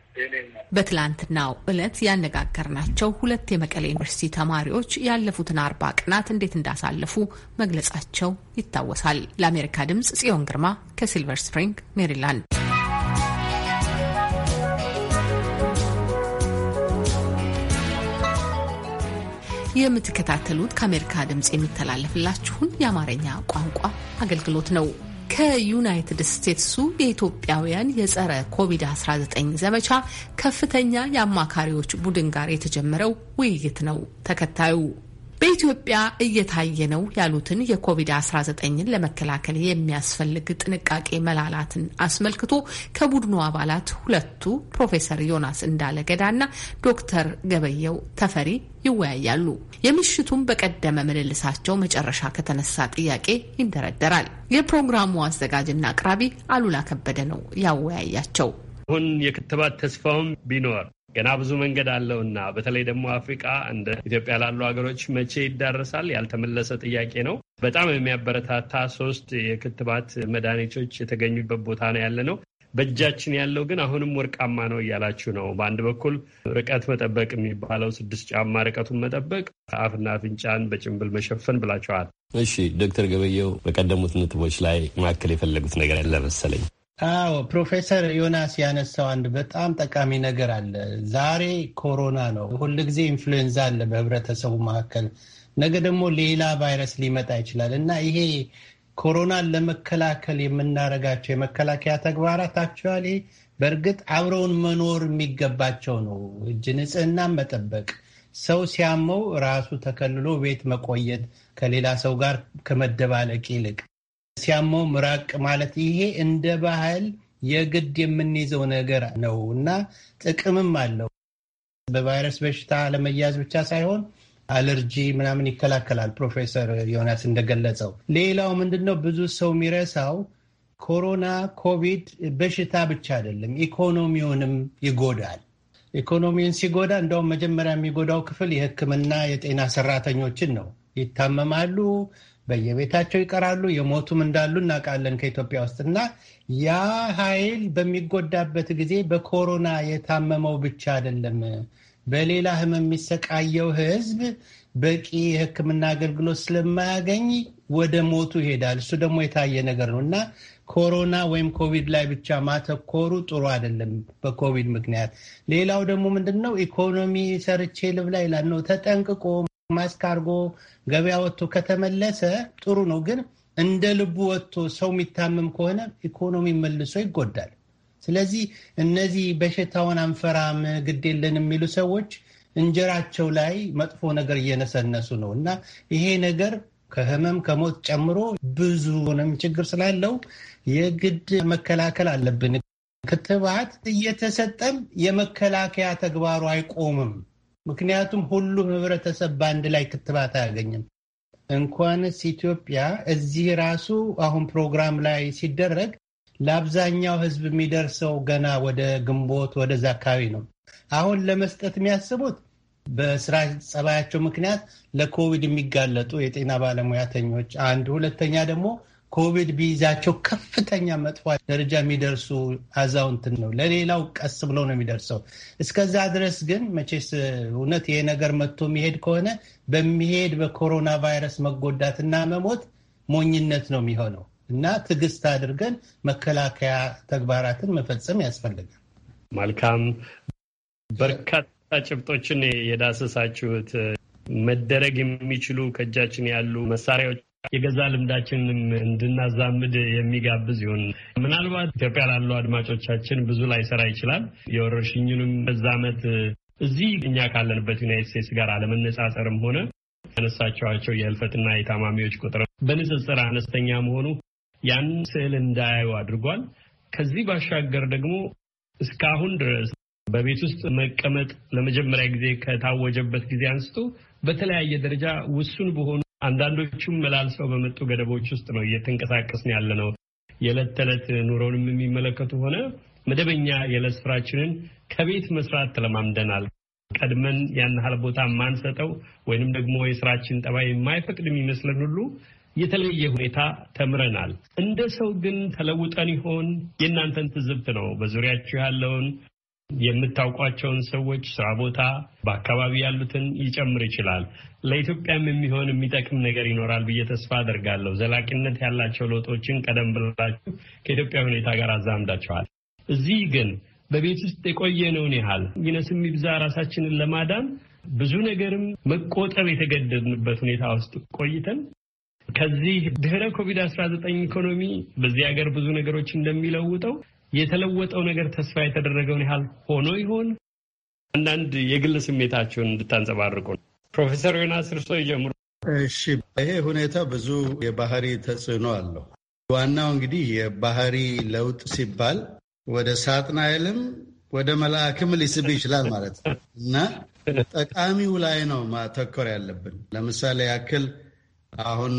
ነው በትላንትናው እለት ያነጋገርናቸው ሁለት የመቀሌ ዩኒቨርሲቲ ተማሪዎች ያለፉትን አርባ ቀናት እንዴት እንዳሳለፉ መግለጻቸው ይታወሳል። ለአሜሪካ ድምፅ ጽዮን ግርማ ከሲልቨር ስፕሪንግ ሜሪላንድ። የምትከታተሉት ከአሜሪካ ድምፅ የሚተላለፍላችሁን የአማርኛ ቋንቋ አገልግሎት ነው። ከዩናይትድ ስቴትሱ የኢትዮጵያውያን የጸረ ኮቪድ-19 ዘመቻ ከፍተኛ የአማካሪዎች ቡድን ጋር የተጀመረው ውይይት ነው ተከታዩ በኢትዮጵያ እየታየ ነው ያሉትን የኮቪድ-19ን ለመከላከል የሚያስፈልግ ጥንቃቄ መላላትን አስመልክቶ ከቡድኑ አባላት ሁለቱ ፕሮፌሰር ዮናስ እንዳለገዳ እና ዶክተር ገበየው ተፈሪ ይወያያሉ። የምሽቱም በቀደመ ምልልሳቸው መጨረሻ ከተነሳ ጥያቄ ይንደረደራል። የፕሮግራሙ አዘጋጅና አቅራቢ አሉላ ከበደ ነው ያወያያቸው። አሁን የክትባት ተስፋውም ቢኖር ገና ብዙ መንገድ አለውና በተለይ ደግሞ አፍሪቃ እንደ ኢትዮጵያ ላሉ ሀገሮች መቼ ይዳረሳል? ያልተመለሰ ጥያቄ ነው። በጣም የሚያበረታታ ሶስት የክትባት መድኃኒቶች የተገኙበት ቦታ ነው ያለ ነው። በእጃችን ያለው ግን አሁንም ወርቃማ ነው እያላችሁ ነው። በአንድ በኩል ርቀት መጠበቅ የሚባለው ስድስት ጫማ ርቀቱን መጠበቅ፣ አፍና አፍንጫን በጭንብል መሸፈን ብላችኋል። እሺ ዶክተር ገበየው በቀደሙት ነጥቦች ላይ ማከል የፈለጉት ነገር ያለ መሰለኝ። አዎ ፕሮፌሰር ዮናስ ያነሳው አንድ በጣም ጠቃሚ ነገር አለ። ዛሬ ኮሮና ነው፣ ሁል ጊዜ ኢንፍሉዌንዛ አለ በህብረተሰቡ መካከል። ነገ ደግሞ ሌላ ቫይረስ ሊመጣ ይችላል እና ይሄ ኮሮናን ለመከላከል የምናደርጋቸው የመከላከያ ተግባራት አክቹዋሊ በእርግጥ አብረውን መኖር የሚገባቸው ነው። እጅ ንጽህና መጠበቅ፣ ሰው ሲያመው ራሱ ተከልሎ ቤት መቆየት ከሌላ ሰው ጋር ከመደባለቅ ይልቅ ሲያመው ምራቅ ማለት ይሄ እንደ ባህል የግድ የምንይዘው ነገር ነው እና ጥቅምም አለው። በቫይረስ በሽታ ለመያዝ ብቻ ሳይሆን አለርጂ ምናምን ይከላከላል። ፕሮፌሰር ዮናስ እንደገለጸው ሌላው ምንድን ነው ብዙ ሰው የሚረሳው ኮሮና ኮቪድ በሽታ ብቻ አይደለም፣ ኢኮኖሚውንም ይጎዳል። ኢኮኖሚውን ሲጎዳ እንደውም መጀመሪያ የሚጎዳው ክፍል የሕክምና የጤና ሰራተኞችን ነው። ይታመማሉ፣ በየቤታቸው ይቀራሉ። የሞቱም እንዳሉ እናውቃለን ከኢትዮጵያ ውስጥ እና ያ ኃይል በሚጎዳበት ጊዜ በኮሮና የታመመው ብቻ አይደለም፣ በሌላ ህመም የሚሰቃየው ህዝብ በቂ የሕክምና አገልግሎት ስለማያገኝ ወደ ሞቱ ይሄዳል። እሱ ደግሞ የታየ ነገር ነው እና ኮሮና ወይም ኮቪድ ላይ ብቻ ማተኮሩ ጥሩ አይደለም። በኮቪድ ምክንያት ሌላው ደግሞ ምንድን ነው ኢኮኖሚ ሰርቼ ልብላ ይላል ነው ተጠንቅቆ ማስክ አርጎ ገበያ ወጥቶ ከተመለሰ ጥሩ ነው። ግን እንደ ልቡ ወጥቶ ሰው የሚታመም ከሆነ ኢኮኖሚ መልሶ ይጎዳል። ስለዚህ እነዚህ በሽታውን አንፈራም ግድ የለን የሚሉ ሰዎች እንጀራቸው ላይ መጥፎ ነገር እየነሰነሱ ነው እና ይሄ ነገር ከህመም ከሞት ጨምሮ ብዙንም ችግር ስላለው የግድ መከላከል አለብን። ክትባት እየተሰጠም የመከላከያ ተግባሩ አይቆምም። ምክንያቱም ሁሉም ህብረተሰብ በአንድ ላይ ክትባት አያገኝም። እንኳንስ ኢትዮጵያ እዚህ ራሱ አሁን ፕሮግራም ላይ ሲደረግ ለአብዛኛው ህዝብ የሚደርሰው ገና ወደ ግንቦት ወደዛ አካባቢ ነው። አሁን ለመስጠት የሚያስቡት በስራ ጸባያቸው ምክንያት ለኮቪድ የሚጋለጡ የጤና ባለሙያተኞች አንድ፣ ሁለተኛ ደግሞ ኮቪድ ቢይዛቸው ከፍተኛ መጥፎ ደረጃ የሚደርሱ አዛውንትን ነው። ለሌላው ቀስ ብሎ ነው የሚደርሰው። እስከዛ ድረስ ግን መቼስ እውነት ይሄ ነገር መጥቶ የሚሄድ ከሆነ በሚሄድ በኮሮና ቫይረስ መጎዳትና መሞት ሞኝነት ነው የሚሆነው እና ትዕግስት አድርገን መከላከያ ተግባራትን መፈጸም ያስፈልጋል። መልካም። በርካታ ጭብጦችን የዳሰሳችሁት መደረግ የሚችሉ ከእጃችን ያሉ መሳሪያዎች የገዛ ልምዳችንንም እንድናዛምድ የሚጋብዝ ይሆን ምናልባት ኢትዮጵያ ላሉ አድማጮቻችን ብዙ ላይሰራ ይችላል። የወረርሽኙንም መዛመት እዚህ እኛ ካለንበት ዩናይት ስቴትስ ጋር አለመነጻጸርም ሆነ ያነሳቸዋቸው የህልፈትና የታማሚዎች ቁጥር በንጽጽር አነስተኛ መሆኑ ያንን ስዕል እንዳያዩ አድርጓል። ከዚህ ባሻገር ደግሞ እስካሁን ድረስ በቤት ውስጥ መቀመጥ ለመጀመሪያ ጊዜ ከታወጀበት ጊዜ አንስቶ በተለያየ ደረጃ ውሱን በሆኑ አንዳንዶቹም መላልሰው በመጡ ገደቦች ውስጥ ነው እየተንቀሳቀስን ያለ ነው። የዕለት ተዕለት ኑሮንም የሚመለከቱ ሆነ መደበኛ የዕለት ስራችንን ከቤት መስራት ተለማምደናል። ቀድመን ያን ያህል ቦታ የማንሰጠው ወይንም ደግሞ የስራችን ጠባይ የማይፈቅድ የሚመስለን ሁሉ የተለየ ሁኔታ ተምረናል። እንደ ሰው ግን ተለውጠን ይሆን? የእናንተን ትዝብት ነው በዙሪያችሁ ያለውን የምታውቋቸውን ሰዎች ስራ ቦታ፣ በአካባቢ ያሉትን ይጨምር ይችላል። ለኢትዮጵያም የሚሆን የሚጠቅም ነገር ይኖራል ብዬ ተስፋ አደርጋለሁ። ዘላቂነት ያላቸው ለውጦችን ቀደም ብላችሁ ከኢትዮጵያ ሁኔታ ጋር አዛምዳቸዋል። እዚህ ግን በቤት ውስጥ የቆየነውን ያህል ይነስ የሚብዛ ራሳችንን ለማዳን ብዙ ነገርም መቆጠብ የተገደድንበት ሁኔታ ውስጥ ቆይተን ከዚህ ድህረ ኮቪድ-19 ኢኮኖሚ በዚህ ሀገር ብዙ ነገሮች እንደሚለውጠው የተለወጠው ነገር ተስፋ የተደረገውን ያህል ሆኖ ይሆን? አንዳንድ የግል ስሜታቸውን እንድታንጸባርቁ ነው። ፕሮፌሰር ዮናስ እርስዎ ይጀምሩ። እሺ፣ ይሄ ሁኔታ ብዙ የባህሪ ተጽዕኖ አለው። ዋናው እንግዲህ የባህሪ ለውጥ ሲባል ወደ ሳጥን አይልም ወደ መልአክም ሊስብ ይችላል ማለት ነው እና ጠቃሚው ላይ ነው ማተኮር ያለብን። ለምሳሌ ያክል አሁን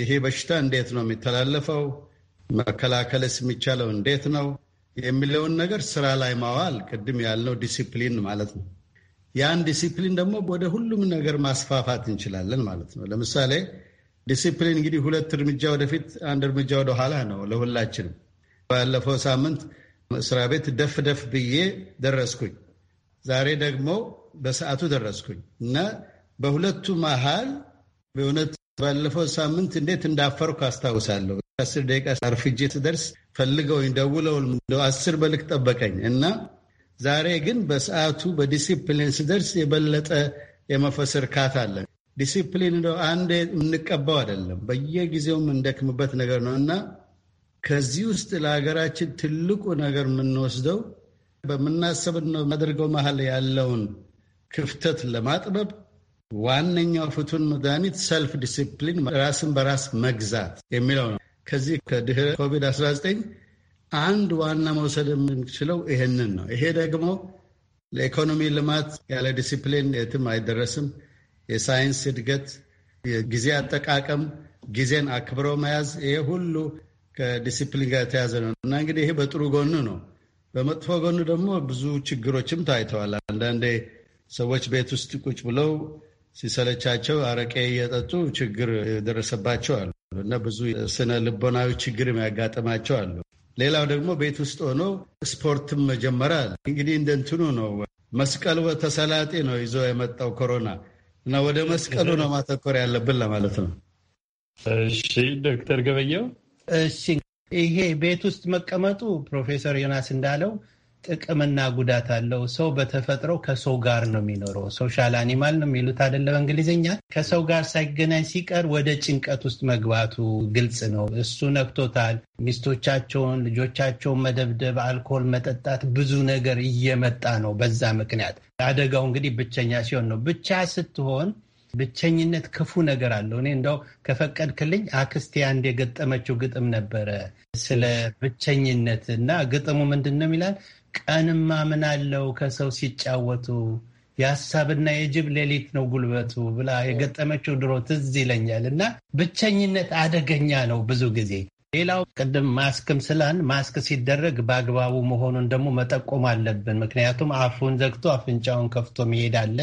ይሄ በሽታ እንዴት ነው የሚተላለፈው? መከላከልስ የሚቻለው እንዴት ነው የሚለውን ነገር ስራ ላይ ማዋል ቅድም ያልነው ዲሲፕሊን ማለት ነው። ያን ዲሲፕሊን ደግሞ ወደ ሁሉም ነገር ማስፋፋት እንችላለን ማለት ነው። ለምሳሌ ዲሲፕሊን እንግዲህ ሁለት እርምጃ ወደፊት፣ አንድ እርምጃ ወደኋላ ነው ለሁላችንም። ባለፈው ሳምንት መስሪያ ቤት ደፍ ደፍ ብዬ ደረስኩኝ። ዛሬ ደግሞ በሰዓቱ ደረስኩኝ እና በሁለቱ መሃል በእውነት ባለፈው ሳምንት እንዴት እንዳፈርኩ አስታውሳለሁ። አስር ደቂቃ አርፍጄ ስደርስ ፈልገውኝ ደውለው አስር በልክ ጠበቀኝ እና ዛሬ ግን በሰዓቱ በዲሲፕሊን ስደርስ የበለጠ የመፈስ እርካታ አለ። ዲሲፕሊን እንደው አንድ የምንቀባው አይደለም፣ በየጊዜው እንደክምበት ነገር ነው እና ከዚህ ውስጥ ለሀገራችን ትልቁ ነገር የምንወስደው በምናሰብ ነው የምናደርገው መሀል ያለውን ክፍተት ለማጥበብ ዋነኛው ፍቱን መድኃኒት ሰልፍ ዲሲፕሊን ራስን በራስ መግዛት የሚለው ነው። ከዚህ ከድህረ ኮቪድ-19 አንድ ዋና መውሰድ የምንችለው ይሄንን ነው። ይሄ ደግሞ ለኢኮኖሚ ልማት ያለ ዲሲፕሊን የትም አይደረስም። የሳይንስ እድገት፣ የጊዜ አጠቃቀም፣ ጊዜን አክብሮ መያዝ፣ ይሄ ሁሉ ከዲሲፕሊን ጋር የተያዘ ነው እና እንግዲህ ይሄ በጥሩ ጎኑ ነው። በመጥፎ ጎኑ ደግሞ ብዙ ችግሮችም ታይተዋል። አንዳንዴ ሰዎች ቤት ውስጥ ቁጭ ብለው ሲሰለቻቸው አረቄ እየጠጡ ችግር የደረሰባቸው አሉ እና ብዙ ስነ ልቦናዊ ችግር የሚያጋጥማቸው አሉ። ሌላው ደግሞ ቤት ውስጥ ሆኖ ስፖርትም መጀመራል። እንግዲህ እንደ እንትኑ ነው። መስቀል ተሰላጤ ነው ይዞ የመጣው ኮሮና እና ወደ መስቀሉ ነው ማተኮር ያለብን ለማለት ነው። እሺ ዶክተር ገበየው እሺ ይሄ ቤት ውስጥ መቀመጡ ፕሮፌሰር ዮናስ እንዳለው ጥቅምና ጉዳት አለው። ሰው በተፈጥሮ ከሰው ጋር ነው የሚኖረው። ሶሻል አኒማል ነው የሚሉት አደለ በእንግሊዝኛ ከሰው ጋር ሳይገናኝ ሲቀር ወደ ጭንቀት ውስጥ መግባቱ ግልጽ ነው። እሱ ነክቶታል። ሚስቶቻቸውን፣ ልጆቻቸውን መደብደብ፣ አልኮል መጠጣት፣ ብዙ ነገር እየመጣ ነው። በዛ ምክንያት አደጋው እንግዲህ ብቸኛ ሲሆን ነው። ብቻ ስትሆን ብቸኝነት ክፉ ነገር አለው። እኔ እንደው ከፈቀድክልኝ አክስቴ አንድ የገጠመችው ግጥም ነበረ ስለ ብቸኝነት እና ግጥሙ ምንድን ነው ይላል ቀንማ ምን አለው ከሰው ሲጫወቱ የሀሳብና የጅብ ሌሊት ነው ጉልበቱ ብላ የገጠመችው ድሮ ትዝ ይለኛል። እና ብቸኝነት አደገኛ ነው ብዙ ጊዜ። ሌላው ቅድም ማስክም ስላን ማስክ ሲደረግ በአግባቡ መሆኑን ደግሞ መጠቆም አለብን። ምክንያቱም አፉን ዘግቶ አፍንጫውን ከፍቶ መሄድ አለ።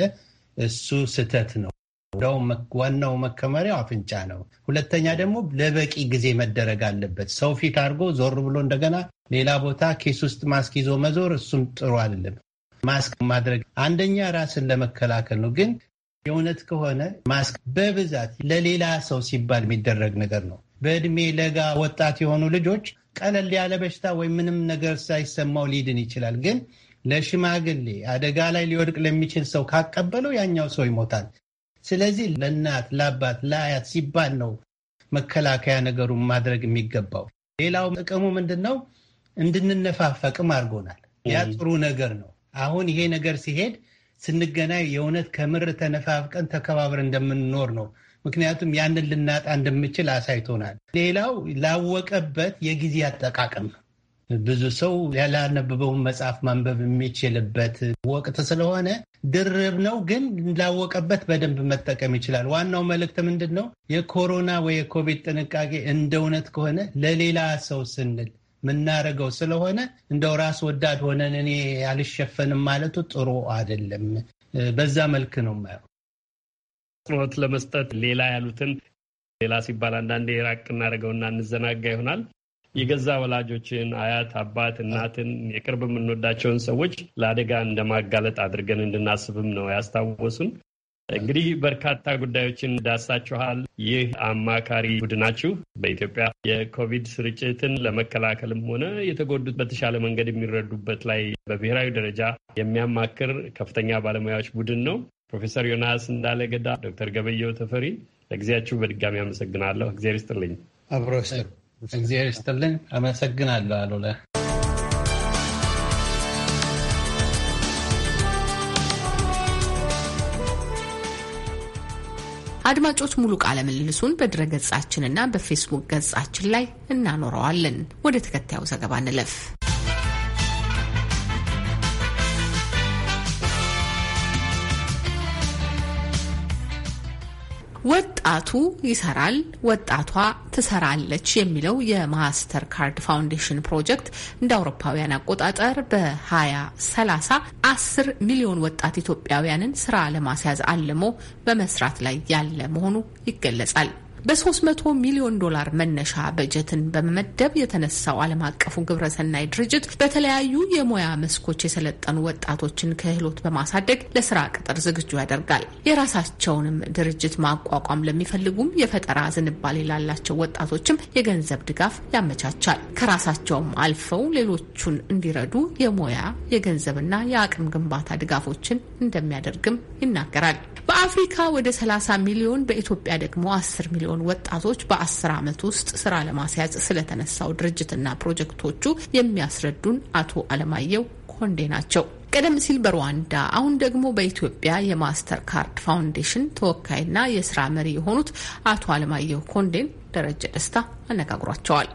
እሱ ስህተት ነው። እንደውም ዋናው መከመሪያው አፍንጫ ነው። ሁለተኛ ደግሞ ለበቂ ጊዜ መደረግ አለበት። ሰው ፊት አድርጎ ዞር ብሎ እንደገና ሌላ ቦታ ኬስ ውስጥ ማስክ ይዞ መዞር እሱም ጥሩ አይደለም። ማስክ ማድረግ አንደኛ ራስን ለመከላከል ነው። ግን የእውነት ከሆነ ማስክ በብዛት ለሌላ ሰው ሲባል የሚደረግ ነገር ነው። በእድሜ ለጋ ወጣት የሆኑ ልጆች ቀለል ያለ በሽታ ወይም ምንም ነገር ሳይሰማው ሊድን ይችላል። ግን ለሽማግሌ አደጋ ላይ ሊወድቅ ለሚችል ሰው ካቀበለው ያኛው ሰው ይሞታል። ስለዚህ ለእናት ለአባት፣ ለአያት ሲባል ነው መከላከያ ነገሩን ማድረግ የሚገባው። ሌላው ጥቅሙ ምንድን ነው? እንድንነፋፈቅም አድርጎናል። ያ ጥሩ ነገር ነው። አሁን ይሄ ነገር ሲሄድ ስንገናኝ የእውነት ከምር ተነፋፍቀን ተከባብረ እንደምንኖር ነው። ምክንያቱም ያንን ልናጣ እንደምችል አሳይቶናል። ሌላው ላወቀበት የጊዜ አጠቃቀም ብዙ ሰው ያላነበበውን መጽሐፍ ማንበብ የሚችልበት ወቅት ስለሆነ ድርብ ነው፣ ግን ላወቀበት በደንብ መጠቀም ይችላል። ዋናው መልእክት ምንድን ነው? የኮሮና ወይ የኮቪድ ጥንቃቄ እንደ እውነት ከሆነ ለሌላ ሰው ስንል የምናደርገው ስለሆነ እንደው ራስ ወዳድ ሆነን እኔ አልሸፈንም ማለቱ ጥሩ አይደለም። በዛ መልክ ነው የማየው። ጥሮት ለመስጠት ሌላ ያሉትን ሌላ ሲባል አንዳንዴ ራቅ እናደርገውና እንዘናጋ ይሆናል። የገዛ ወላጆችን፣ አያት፣ አባት፣ እናትን፣ የቅርብ የምንወዳቸውን ሰዎች ለአደጋ እንደማጋለጥ አድርገን እንድናስብም ነው ያስታወሱን። እንግዲህ በርካታ ጉዳዮችን ዳሳችኋል። ይህ አማካሪ ቡድናችሁ በኢትዮጵያ የኮቪድ ስርጭትን ለመከላከልም ሆነ የተጎዱት በተሻለ መንገድ የሚረዱበት ላይ በብሔራዊ ደረጃ የሚያማክር ከፍተኛ ባለሙያዎች ቡድን ነው። ፕሮፌሰር ዮናስ እንዳለገዳ፣ ዶክተር ገበየው ተፈሪ ለጊዜያችሁ በድጋሚ አመሰግናለሁ። እግዚአብሔር ይስጥልኝ። አብሮ እግዚአብሔር ይስጥልኝ። አመሰግናለሁ አሉላ አድማጮች ሙሉ ቃለ ምልልሱን ገጻችንና በፌስቡክ ገጻችን ላይ እናኖረዋለን። ወደ ተከታዩ ዘገባ እንለፍ። ወጣቱ ይሰራል፣ ወጣቷ ትሰራለች የሚለው የማስተር ካርድ ፋውንዴሽን ፕሮጀክት እንደ አውሮፓውያን አቆጣጠር በ2030 10 ሚሊዮን ወጣት ኢትዮጵያውያንን ስራ ለማስያዝ አልሞ በመስራት ላይ ያለ መሆኑ ይገለጻል። በ300 ሚሊዮን ዶላር መነሻ በጀትን በመመደብ የተነሳው ዓለም አቀፉ ግብረሰናይ ድርጅት በተለያዩ የሙያ መስኮች የሰለጠኑ ወጣቶችን ክህሎት በማሳደግ ለስራ ቅጥር ዝግጁ ያደርጋል። የራሳቸውንም ድርጅት ማቋቋም ለሚፈልጉም የፈጠራ ዝንባሌ ላላቸው ወጣቶችም የገንዘብ ድጋፍ ያመቻቻል። ከራሳቸውም አልፈው ሌሎቹን እንዲረዱ የሙያ የገንዘብና የአቅም ግንባታ ድጋፎችን እንደሚያደርግም ይናገራል። በአፍሪካ ወደ 30 ሚሊዮን በኢትዮጵያ ደግሞ 10 ሚሊዮን ወጣቶች በ10 ዓመት ውስጥ ስራ ለማስያዝ ስለተነሳው ድርጅትና ፕሮጀክቶቹ የሚያስረዱን አቶ አለማየሁ ኮንዴ ናቸው። ቀደም ሲል በሩዋንዳ አሁን ደግሞ በኢትዮጵያ የማስተር ካርድ ፋውንዴሽን ተወካይና የስራ መሪ የሆኑት አቶ አለማየሁ ኮንዴን ደረጀ ደስታ አነጋግሯቸዋል።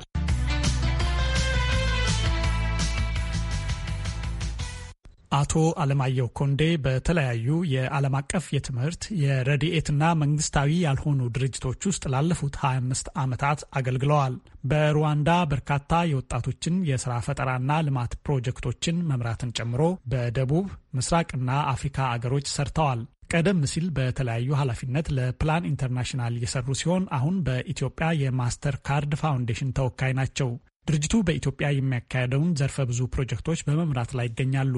አቶ አለማየሁ ኮንዴ በተለያዩ የዓለም አቀፍ የትምህርት የረድኤትና መንግስታዊ ያልሆኑ ድርጅቶች ውስጥ ላለፉት 25 ዓመታት አገልግለዋል። በሩዋንዳ በርካታ የወጣቶችን የሥራ ፈጠራና ልማት ፕሮጀክቶችን መምራትን ጨምሮ በደቡብ ምስራቅና አፍሪካ አገሮች ሰርተዋል። ቀደም ሲል በተለያዩ ኃላፊነት ለፕላን ኢንተርናሽናል እየሰሩ ሲሆን አሁን በኢትዮጵያ የማስተር ካርድ ፋውንዴሽን ተወካይ ናቸው። ድርጅቱ በኢትዮጵያ የሚያካሄደውን ዘርፈ ብዙ ፕሮጀክቶች በመምራት ላይ ይገኛሉ።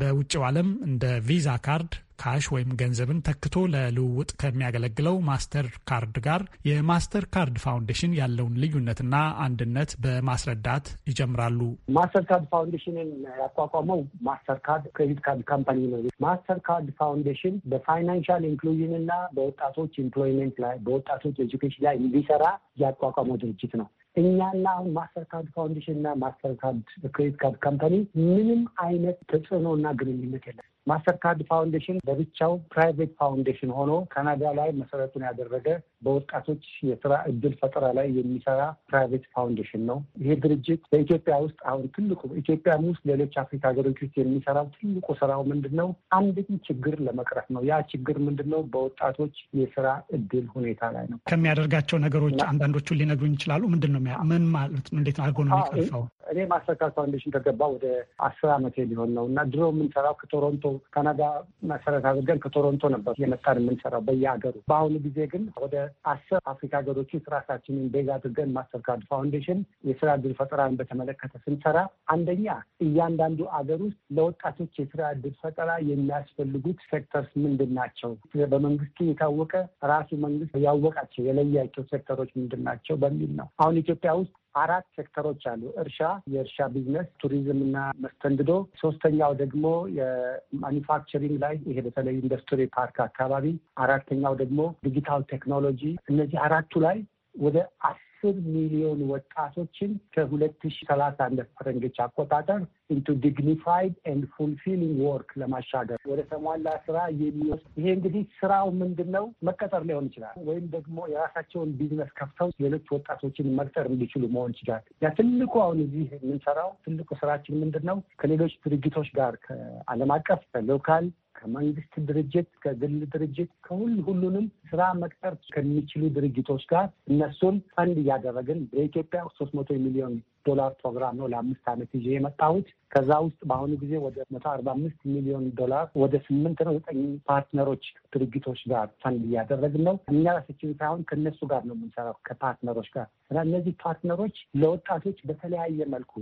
በውጭው ዓለም እንደ ቪዛ ካርድ ካሽ ወይም ገንዘብን ተክቶ ለልውውጥ ከሚያገለግለው ማስተር ካርድ ጋር የማስተር ካርድ ፋውንዴሽን ያለውን ልዩነትና አንድነት በማስረዳት ይጀምራሉ። ማስተር ካርድ ፋውንዴሽንን ያቋቋመው ማስተር ካርድ ክሬዲት ካርድ ካምፓኒ ነው። ማስተር ካርድ ፋውንዴሽን በፋይናንሻል ኢንክሉዥን እና በወጣቶች ኢምፕሎይመንት ላይ በወጣቶች ኤጁኬሽን ላይ እንዲሰራ ያቋቋመው ድርጅት ነው። እኛና አሁን ማስተር ካርድ ፋውንዴሽን እና ማስተር ካርድ ክሬዲት ካርድ ካምፓኒ ምንም አይነት ተጽዕኖ እና ግንኙነት የለም። ማስተርካርድ ፋውንዴሽን በብቻው ፕራይቬት ፋውንዴሽን ሆኖ ካናዳ ላይ መሰረቱን ያደረገ በወጣቶች የስራ እድል ፈጠራ ላይ የሚሰራ ፕራይቬት ፋውንዴሽን ነው። ይሄ ድርጅት በኢትዮጵያ ውስጥ አሁን ትልቁ ኢትዮጵያ ውስጥ ሌሎች አፍሪካ ሀገሮች ውስጥ የሚሰራው ትልቁ ስራው ምንድን ነው? አንድን ችግር ለመቅረፍ ነው። ያ ችግር ምንድን ነው? በወጣቶች የስራ እድል ሁኔታ ላይ ነው። ከሚያደርጋቸው ነገሮች አንዳንዶቹን ሊነግሩኝ ይችላሉ? ምንድን ነው? ምን ማለት ነው? እንዴት አድርጎ ነው የሚቀርፈው? እኔ ማስተርካርድ ፋውንዴሽን ከገባ ወደ አስር ዓመቴ ሊሆን ነው እና ድሮ የምንሰራው ከቶሮንቶ ካናዳ መሰረት አድርገን ከቶሮንቶ ነበር የመጣን የምንሰራው በየሀገሩ። በአሁኑ ጊዜ ግን ወደ አስር አፍሪካ ሀገሮች ውስጥ ራሳችንን ቤዝ አድርገን ማስተርካርድ ፋውንዴሽን የስራ እድል ፈጠራን በተመለከተ ስንሰራ አንደኛ እያንዳንዱ አገር ውስጥ ለወጣቶች የስራ እድል ፈጠራ የሚያስፈልጉት ሴክተርስ ምንድን ናቸው? በመንግስቱ የታወቀ ራሱ መንግስት ያወቃቸው የለያቸው ሴክተሮች ምንድን ናቸው በሚል ነው። አሁን ኢትዮጵያ ውስጥ አራት ሴክተሮች አሉ። እርሻ፣ የእርሻ ቢዝነስ፣ ቱሪዝም እና መስተንግዶ። ሶስተኛው ደግሞ የማኒፋክቸሪንግ ላይ ይሄ በተለይ ኢንዱስትሪ ፓርክ አካባቢ። አራተኛው ደግሞ ዲጂታል ቴክኖሎጂ። እነዚህ አራቱ ላይ ወደ አስ አስር ሚሊዮን ወጣቶችን ከሁለት ሺ ሰላሳ እንደ ፈረንጆች አቆጣጠር ኢንቱ ዲግኒፋይድ ኤንድ ፉልፊሊንግ ወርክ ለማሻገር ወደ ተሟላ ስራ የሚወስድ ይሄ እንግዲህ ስራው ምንድን ነው? መቀጠር ሊሆን ይችላል፣ ወይም ደግሞ የራሳቸውን ቢዝነስ ከፍተው ሌሎች ወጣቶችን መቅጠር እንዲችሉ መሆን ይችላል። ያ ትልቁ አሁን እዚህ የምንሰራው ትልቁ ስራችን ምንድን ነው? ከሌሎች ድርጅቶች ጋር ከአለም አቀፍ ከሎካል ከመንግስት ድርጅት፣ ከግል ድርጅት፣ ከሁሉ ሁሉንም ስራ መቅጠር ከሚችሉ ድርጅቶች ጋር እነሱን ፈንድ እያደረግን በኢትዮጵያ ሶስት መቶ ሚሊዮን ዶላር ፕሮግራም ነው ለአምስት ዓመት ይዤ የመጣሁት። ከዛ ውስጥ በአሁኑ ጊዜ ወደ መቶ አርባ አምስት ሚሊዮን ዶላር ወደ ስምንት ነው ዘጠኝ ፓርትነሮች ድርጅቶች ጋር ፈንድ እያደረግን ነው። እኛ ራሳችን ሳይሆን ከእነሱ ጋር ነው የምንሰራው ከፓርትነሮች ጋር እና እነዚህ ፓርትነሮች ለወጣቶች በተለያየ መልኩ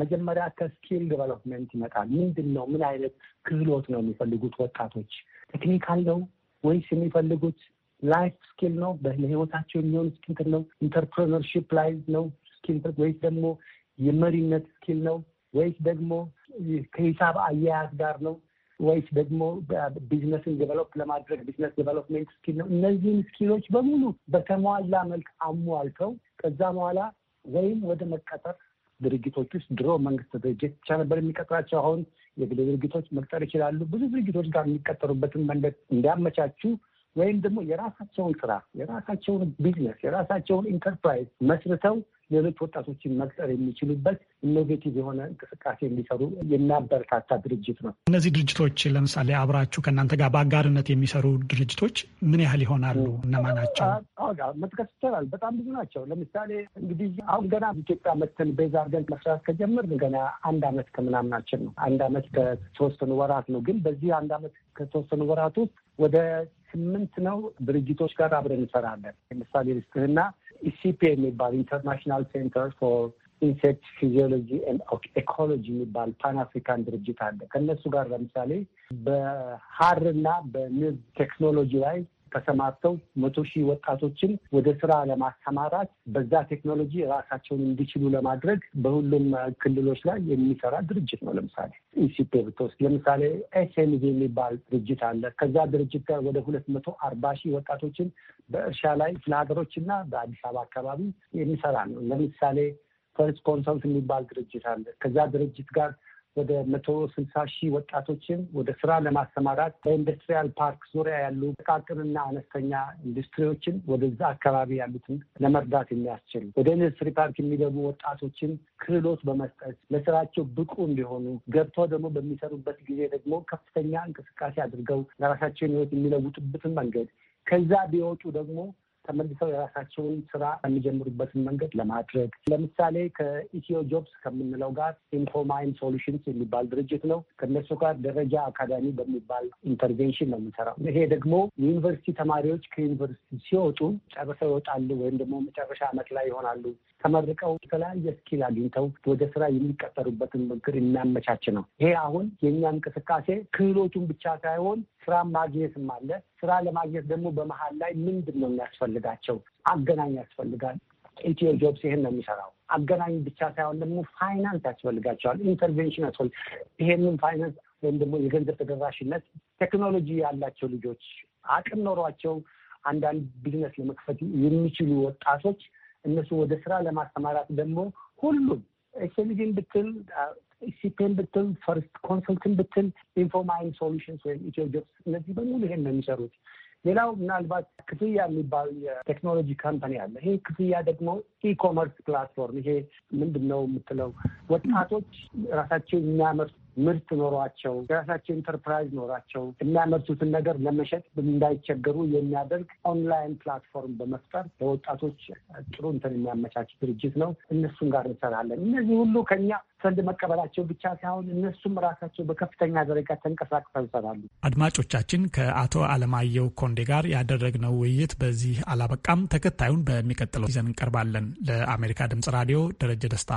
መጀመሪያ ከስኪል ዲቨሎፕመንት ይመጣል። ምንድን ነው ምን አይነት ክህሎት ነው የሚፈልጉት ወጣቶች? ቴክኒካል ነው ወይስ የሚፈልጉት ላይፍ ስኪል ነው? ለህይወታቸው የሚሆን ስኪል ነው? ኢንተርፕረነርሺፕ ላይ ነው ስኪል ወይስ ደግሞ የመሪነት ስኪል ነው ወይስ ደግሞ ከሂሳብ አያያዝ ጋር ነው ወይስ ደግሞ ቢዝነስን ዴቨሎፕ ለማድረግ ቢዝነስ ዴቨሎፕመንት ስኪል ነው። እነዚህን ስኪሎች በሙሉ በተሟላ መልክ አሟልተው ከዛ በኋላ ወይም ወደ መቀጠር ድርጅቶች ውስጥ ድሮ መንግስት ድርጅት ብቻ ነበር የሚቀጥራቸው። አሁን የግል ድርጅቶች መቅጠር ይችላሉ። ብዙ ድርጅቶች ጋር የሚቀጠሩበትን መንገድ እንዲያመቻቹ ወይም ደግሞ የራሳቸውን ስራ፣ የራሳቸውን ቢዝነስ፣ የራሳቸውን ኢንተርፕራይዝ መስርተው ሌሎች ወጣቶችን መቅጠር የሚችሉበት ኢኖቬቲቭ የሆነ እንቅስቃሴ እንዲሰሩ የሚያበረታታ ድርጅት ነው። እነዚህ ድርጅቶች ለምሳሌ አብራችሁ ከእናንተ ጋር በአጋርነት የሚሰሩ ድርጅቶች ምን ያህል ይሆናሉ? እነማ ናቸው? መጥቀስ ይቻላል። በጣም ብዙ ናቸው። ለምሳሌ እንግዲህ አሁን ገና ኢትዮጵያ መተን ቤዛ መስራት ከጀመርን ገና አንድ አመት ከምናምናችን ነው። አንድ አመት ከተወሰኑ ወራት ነው። ግን በዚህ አንድ አመት ከተወሰኑ ወራት ውስጥ ወደ ስምንት ነው ድርጅቶች ጋር አብረን እንሰራለን። ለምሳሌ ርስትህና ኢሲፒ e የሚባል ኢንተርናሽናል ሴንተር ፎር ኢንሴክት ፊዚዮሎጂ ኤኮሎጂ የሚባል ፓን አፍሪካን ድርጅት አለ። ከእነሱ ጋር ለምሳሌ በሀርና በንብ ቴክኖሎጂ ላይ ተሰማርተው መቶ ሺህ ወጣቶችን ወደ ስራ ለማሰማራት በዛ ቴክኖሎጂ ራሳቸውን እንዲችሉ ለማድረግ በሁሉም ክልሎች ላይ የሚሰራ ድርጅት ነው። ለምሳሌ ኢሲፔ ብትወስድ ለምሳሌ ኤስኤምዚ የሚባል ድርጅት አለ። ከዛ ድርጅት ጋር ወደ ሁለት መቶ አርባ ሺህ ወጣቶችን በእርሻ ላይ ለሀገሮች እና በአዲስ አበባ አካባቢ የሚሰራ ነው። ለምሳሌ ፈርስት ኮንሰልት የሚባል ድርጅት አለ። ከዛ ድርጅት ጋር ወደ መቶ ስልሳ ሺህ ወጣቶችን ወደ ስራ ለማሰማራት በኢንዱስትሪያል ፓርክ ዙሪያ ያሉ ጥቃቅንና አነስተኛ ኢንዱስትሪዎችን ወደዛ አካባቢ ያሉትን ለመርዳት የሚያስችል ወደ ኢንዱስትሪ ፓርክ የሚገቡ ወጣቶችን ክህሎት በመስጠት ለስራቸው ብቁ እንዲሆኑ ገብተው ደግሞ በሚሰሩበት ጊዜ ደግሞ ከፍተኛ እንቅስቃሴ አድርገው ለራሳቸውን ህይወት የሚለውጡበትን መንገድ ከዛ ቢወጡ ደግሞ ተመልሰው የራሳቸውን ስራ የሚጀምሩበትን መንገድ ለማድረግ ለምሳሌ ከኢትዮ ጆብስ ከምንለው ጋር ኢንፎማይን ሶሉሽንስ የሚባል ድርጅት ነው። ከእነሱ ጋር ደረጃ አካዳሚ በሚባል ኢንተርቬንሽን ነው የምንሰራው። ይሄ ደግሞ የዩኒቨርሲቲ ተማሪዎች ከዩኒቨርሲቲ ሲወጡ ጨርሰው ይወጣሉ ወይም ደግሞ መጨረሻ ዓመት ላይ ይሆናሉ ተመርቀው የተለያየ ስኪል አግኝተው ወደ ስራ የሚቀጠሩበትን ምክር የሚያመቻች ነው። ይሄ አሁን የእኛ እንቅስቃሴ ክህሎቱን ብቻ ሳይሆን ስራ ማግኘትም አለ። ስራ ለማግኘት ደግሞ በመሀል ላይ ምንድን ነው የሚያስፈልጋቸው? አገናኝ ያስፈልጋል። ኢትዮ ጆብስ ይህን ነው የሚሰራው። አገናኝ ብቻ ሳይሆን ደግሞ ፋይናንስ ያስፈልጋቸዋል። ኢንተርቬንሽን ያስፈል ይሄንን ፋይናንስ ወይም ደግሞ የገንዘብ ተደራሽነት ቴክኖሎጂ ያላቸው ልጆች አቅም ኖሯቸው አንዳንድ ቢዝነስ ለመክፈት የሚችሉ ወጣቶች እነሱ ወደ ስራ ለማስተማራት ደግሞ ሁሉም ኤስኤምጂን ብትል ሲፔን ብትል ፈርስት ኮንሰልትን ብትል ኢንፎማይን ሶሉሽንስ ወይም ኢትዮ ጆብስ እነዚህ በሙሉ ይሄን ነው የሚሰሩት። ሌላው ምናልባት ክፍያ የሚባል የቴክኖሎጂ ካምፓኒ አለ። ይሄ ክፍያ ደግሞ ኢኮመርስ ፕላትፎርም ይሄ ምንድን ነው የምትለው ወጣቶች ራሳቸው የሚያመርሱ ምርት ኖሯቸው የራሳቸው ኢንተርፕራይዝ ኖሯቸው የሚያመርቱትን ነገር ለመሸጥ እንዳይቸገሩ የሚያደርግ ኦንላይን ፕላትፎርም በመፍጠር ለወጣቶች ጥሩ እንትን የሚያመቻች ድርጅት ነው። እነሱም ጋር እንሰራለን። እነዚህ ሁሉ ከኛ ፈንድ መቀበላቸው ብቻ ሳይሆን እነሱም ራሳቸው በከፍተኛ ደረጃ ተንቀሳቅሰው ይሰራሉ። አድማጮቻችን፣ ከአቶ አለማየሁ ኮንዴ ጋር ያደረግነው ውይይት በዚህ አላበቃም። ተከታዩን በሚቀጥለው ይዘን እንቀርባለን። ለአሜሪካ ድምጽ ራዲዮ ደረጀ ደስታ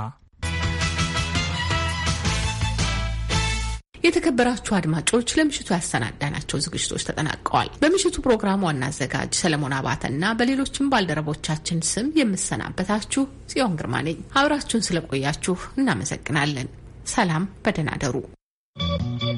የተከበራችሁ አድማጮች ለምሽቱ ያሰናዳናቸው ዝግጅቶች ተጠናቀዋል። በምሽቱ ፕሮግራም ዋና አዘጋጅ ሰለሞን አባተና በሌሎችም ባልደረቦቻችን ስም የምሰናበታችሁ ጽዮን ግርማ ነኝ። አብራችሁን ስለቆያችሁ እናመሰግናለን። ሰላም፣ በደህና you.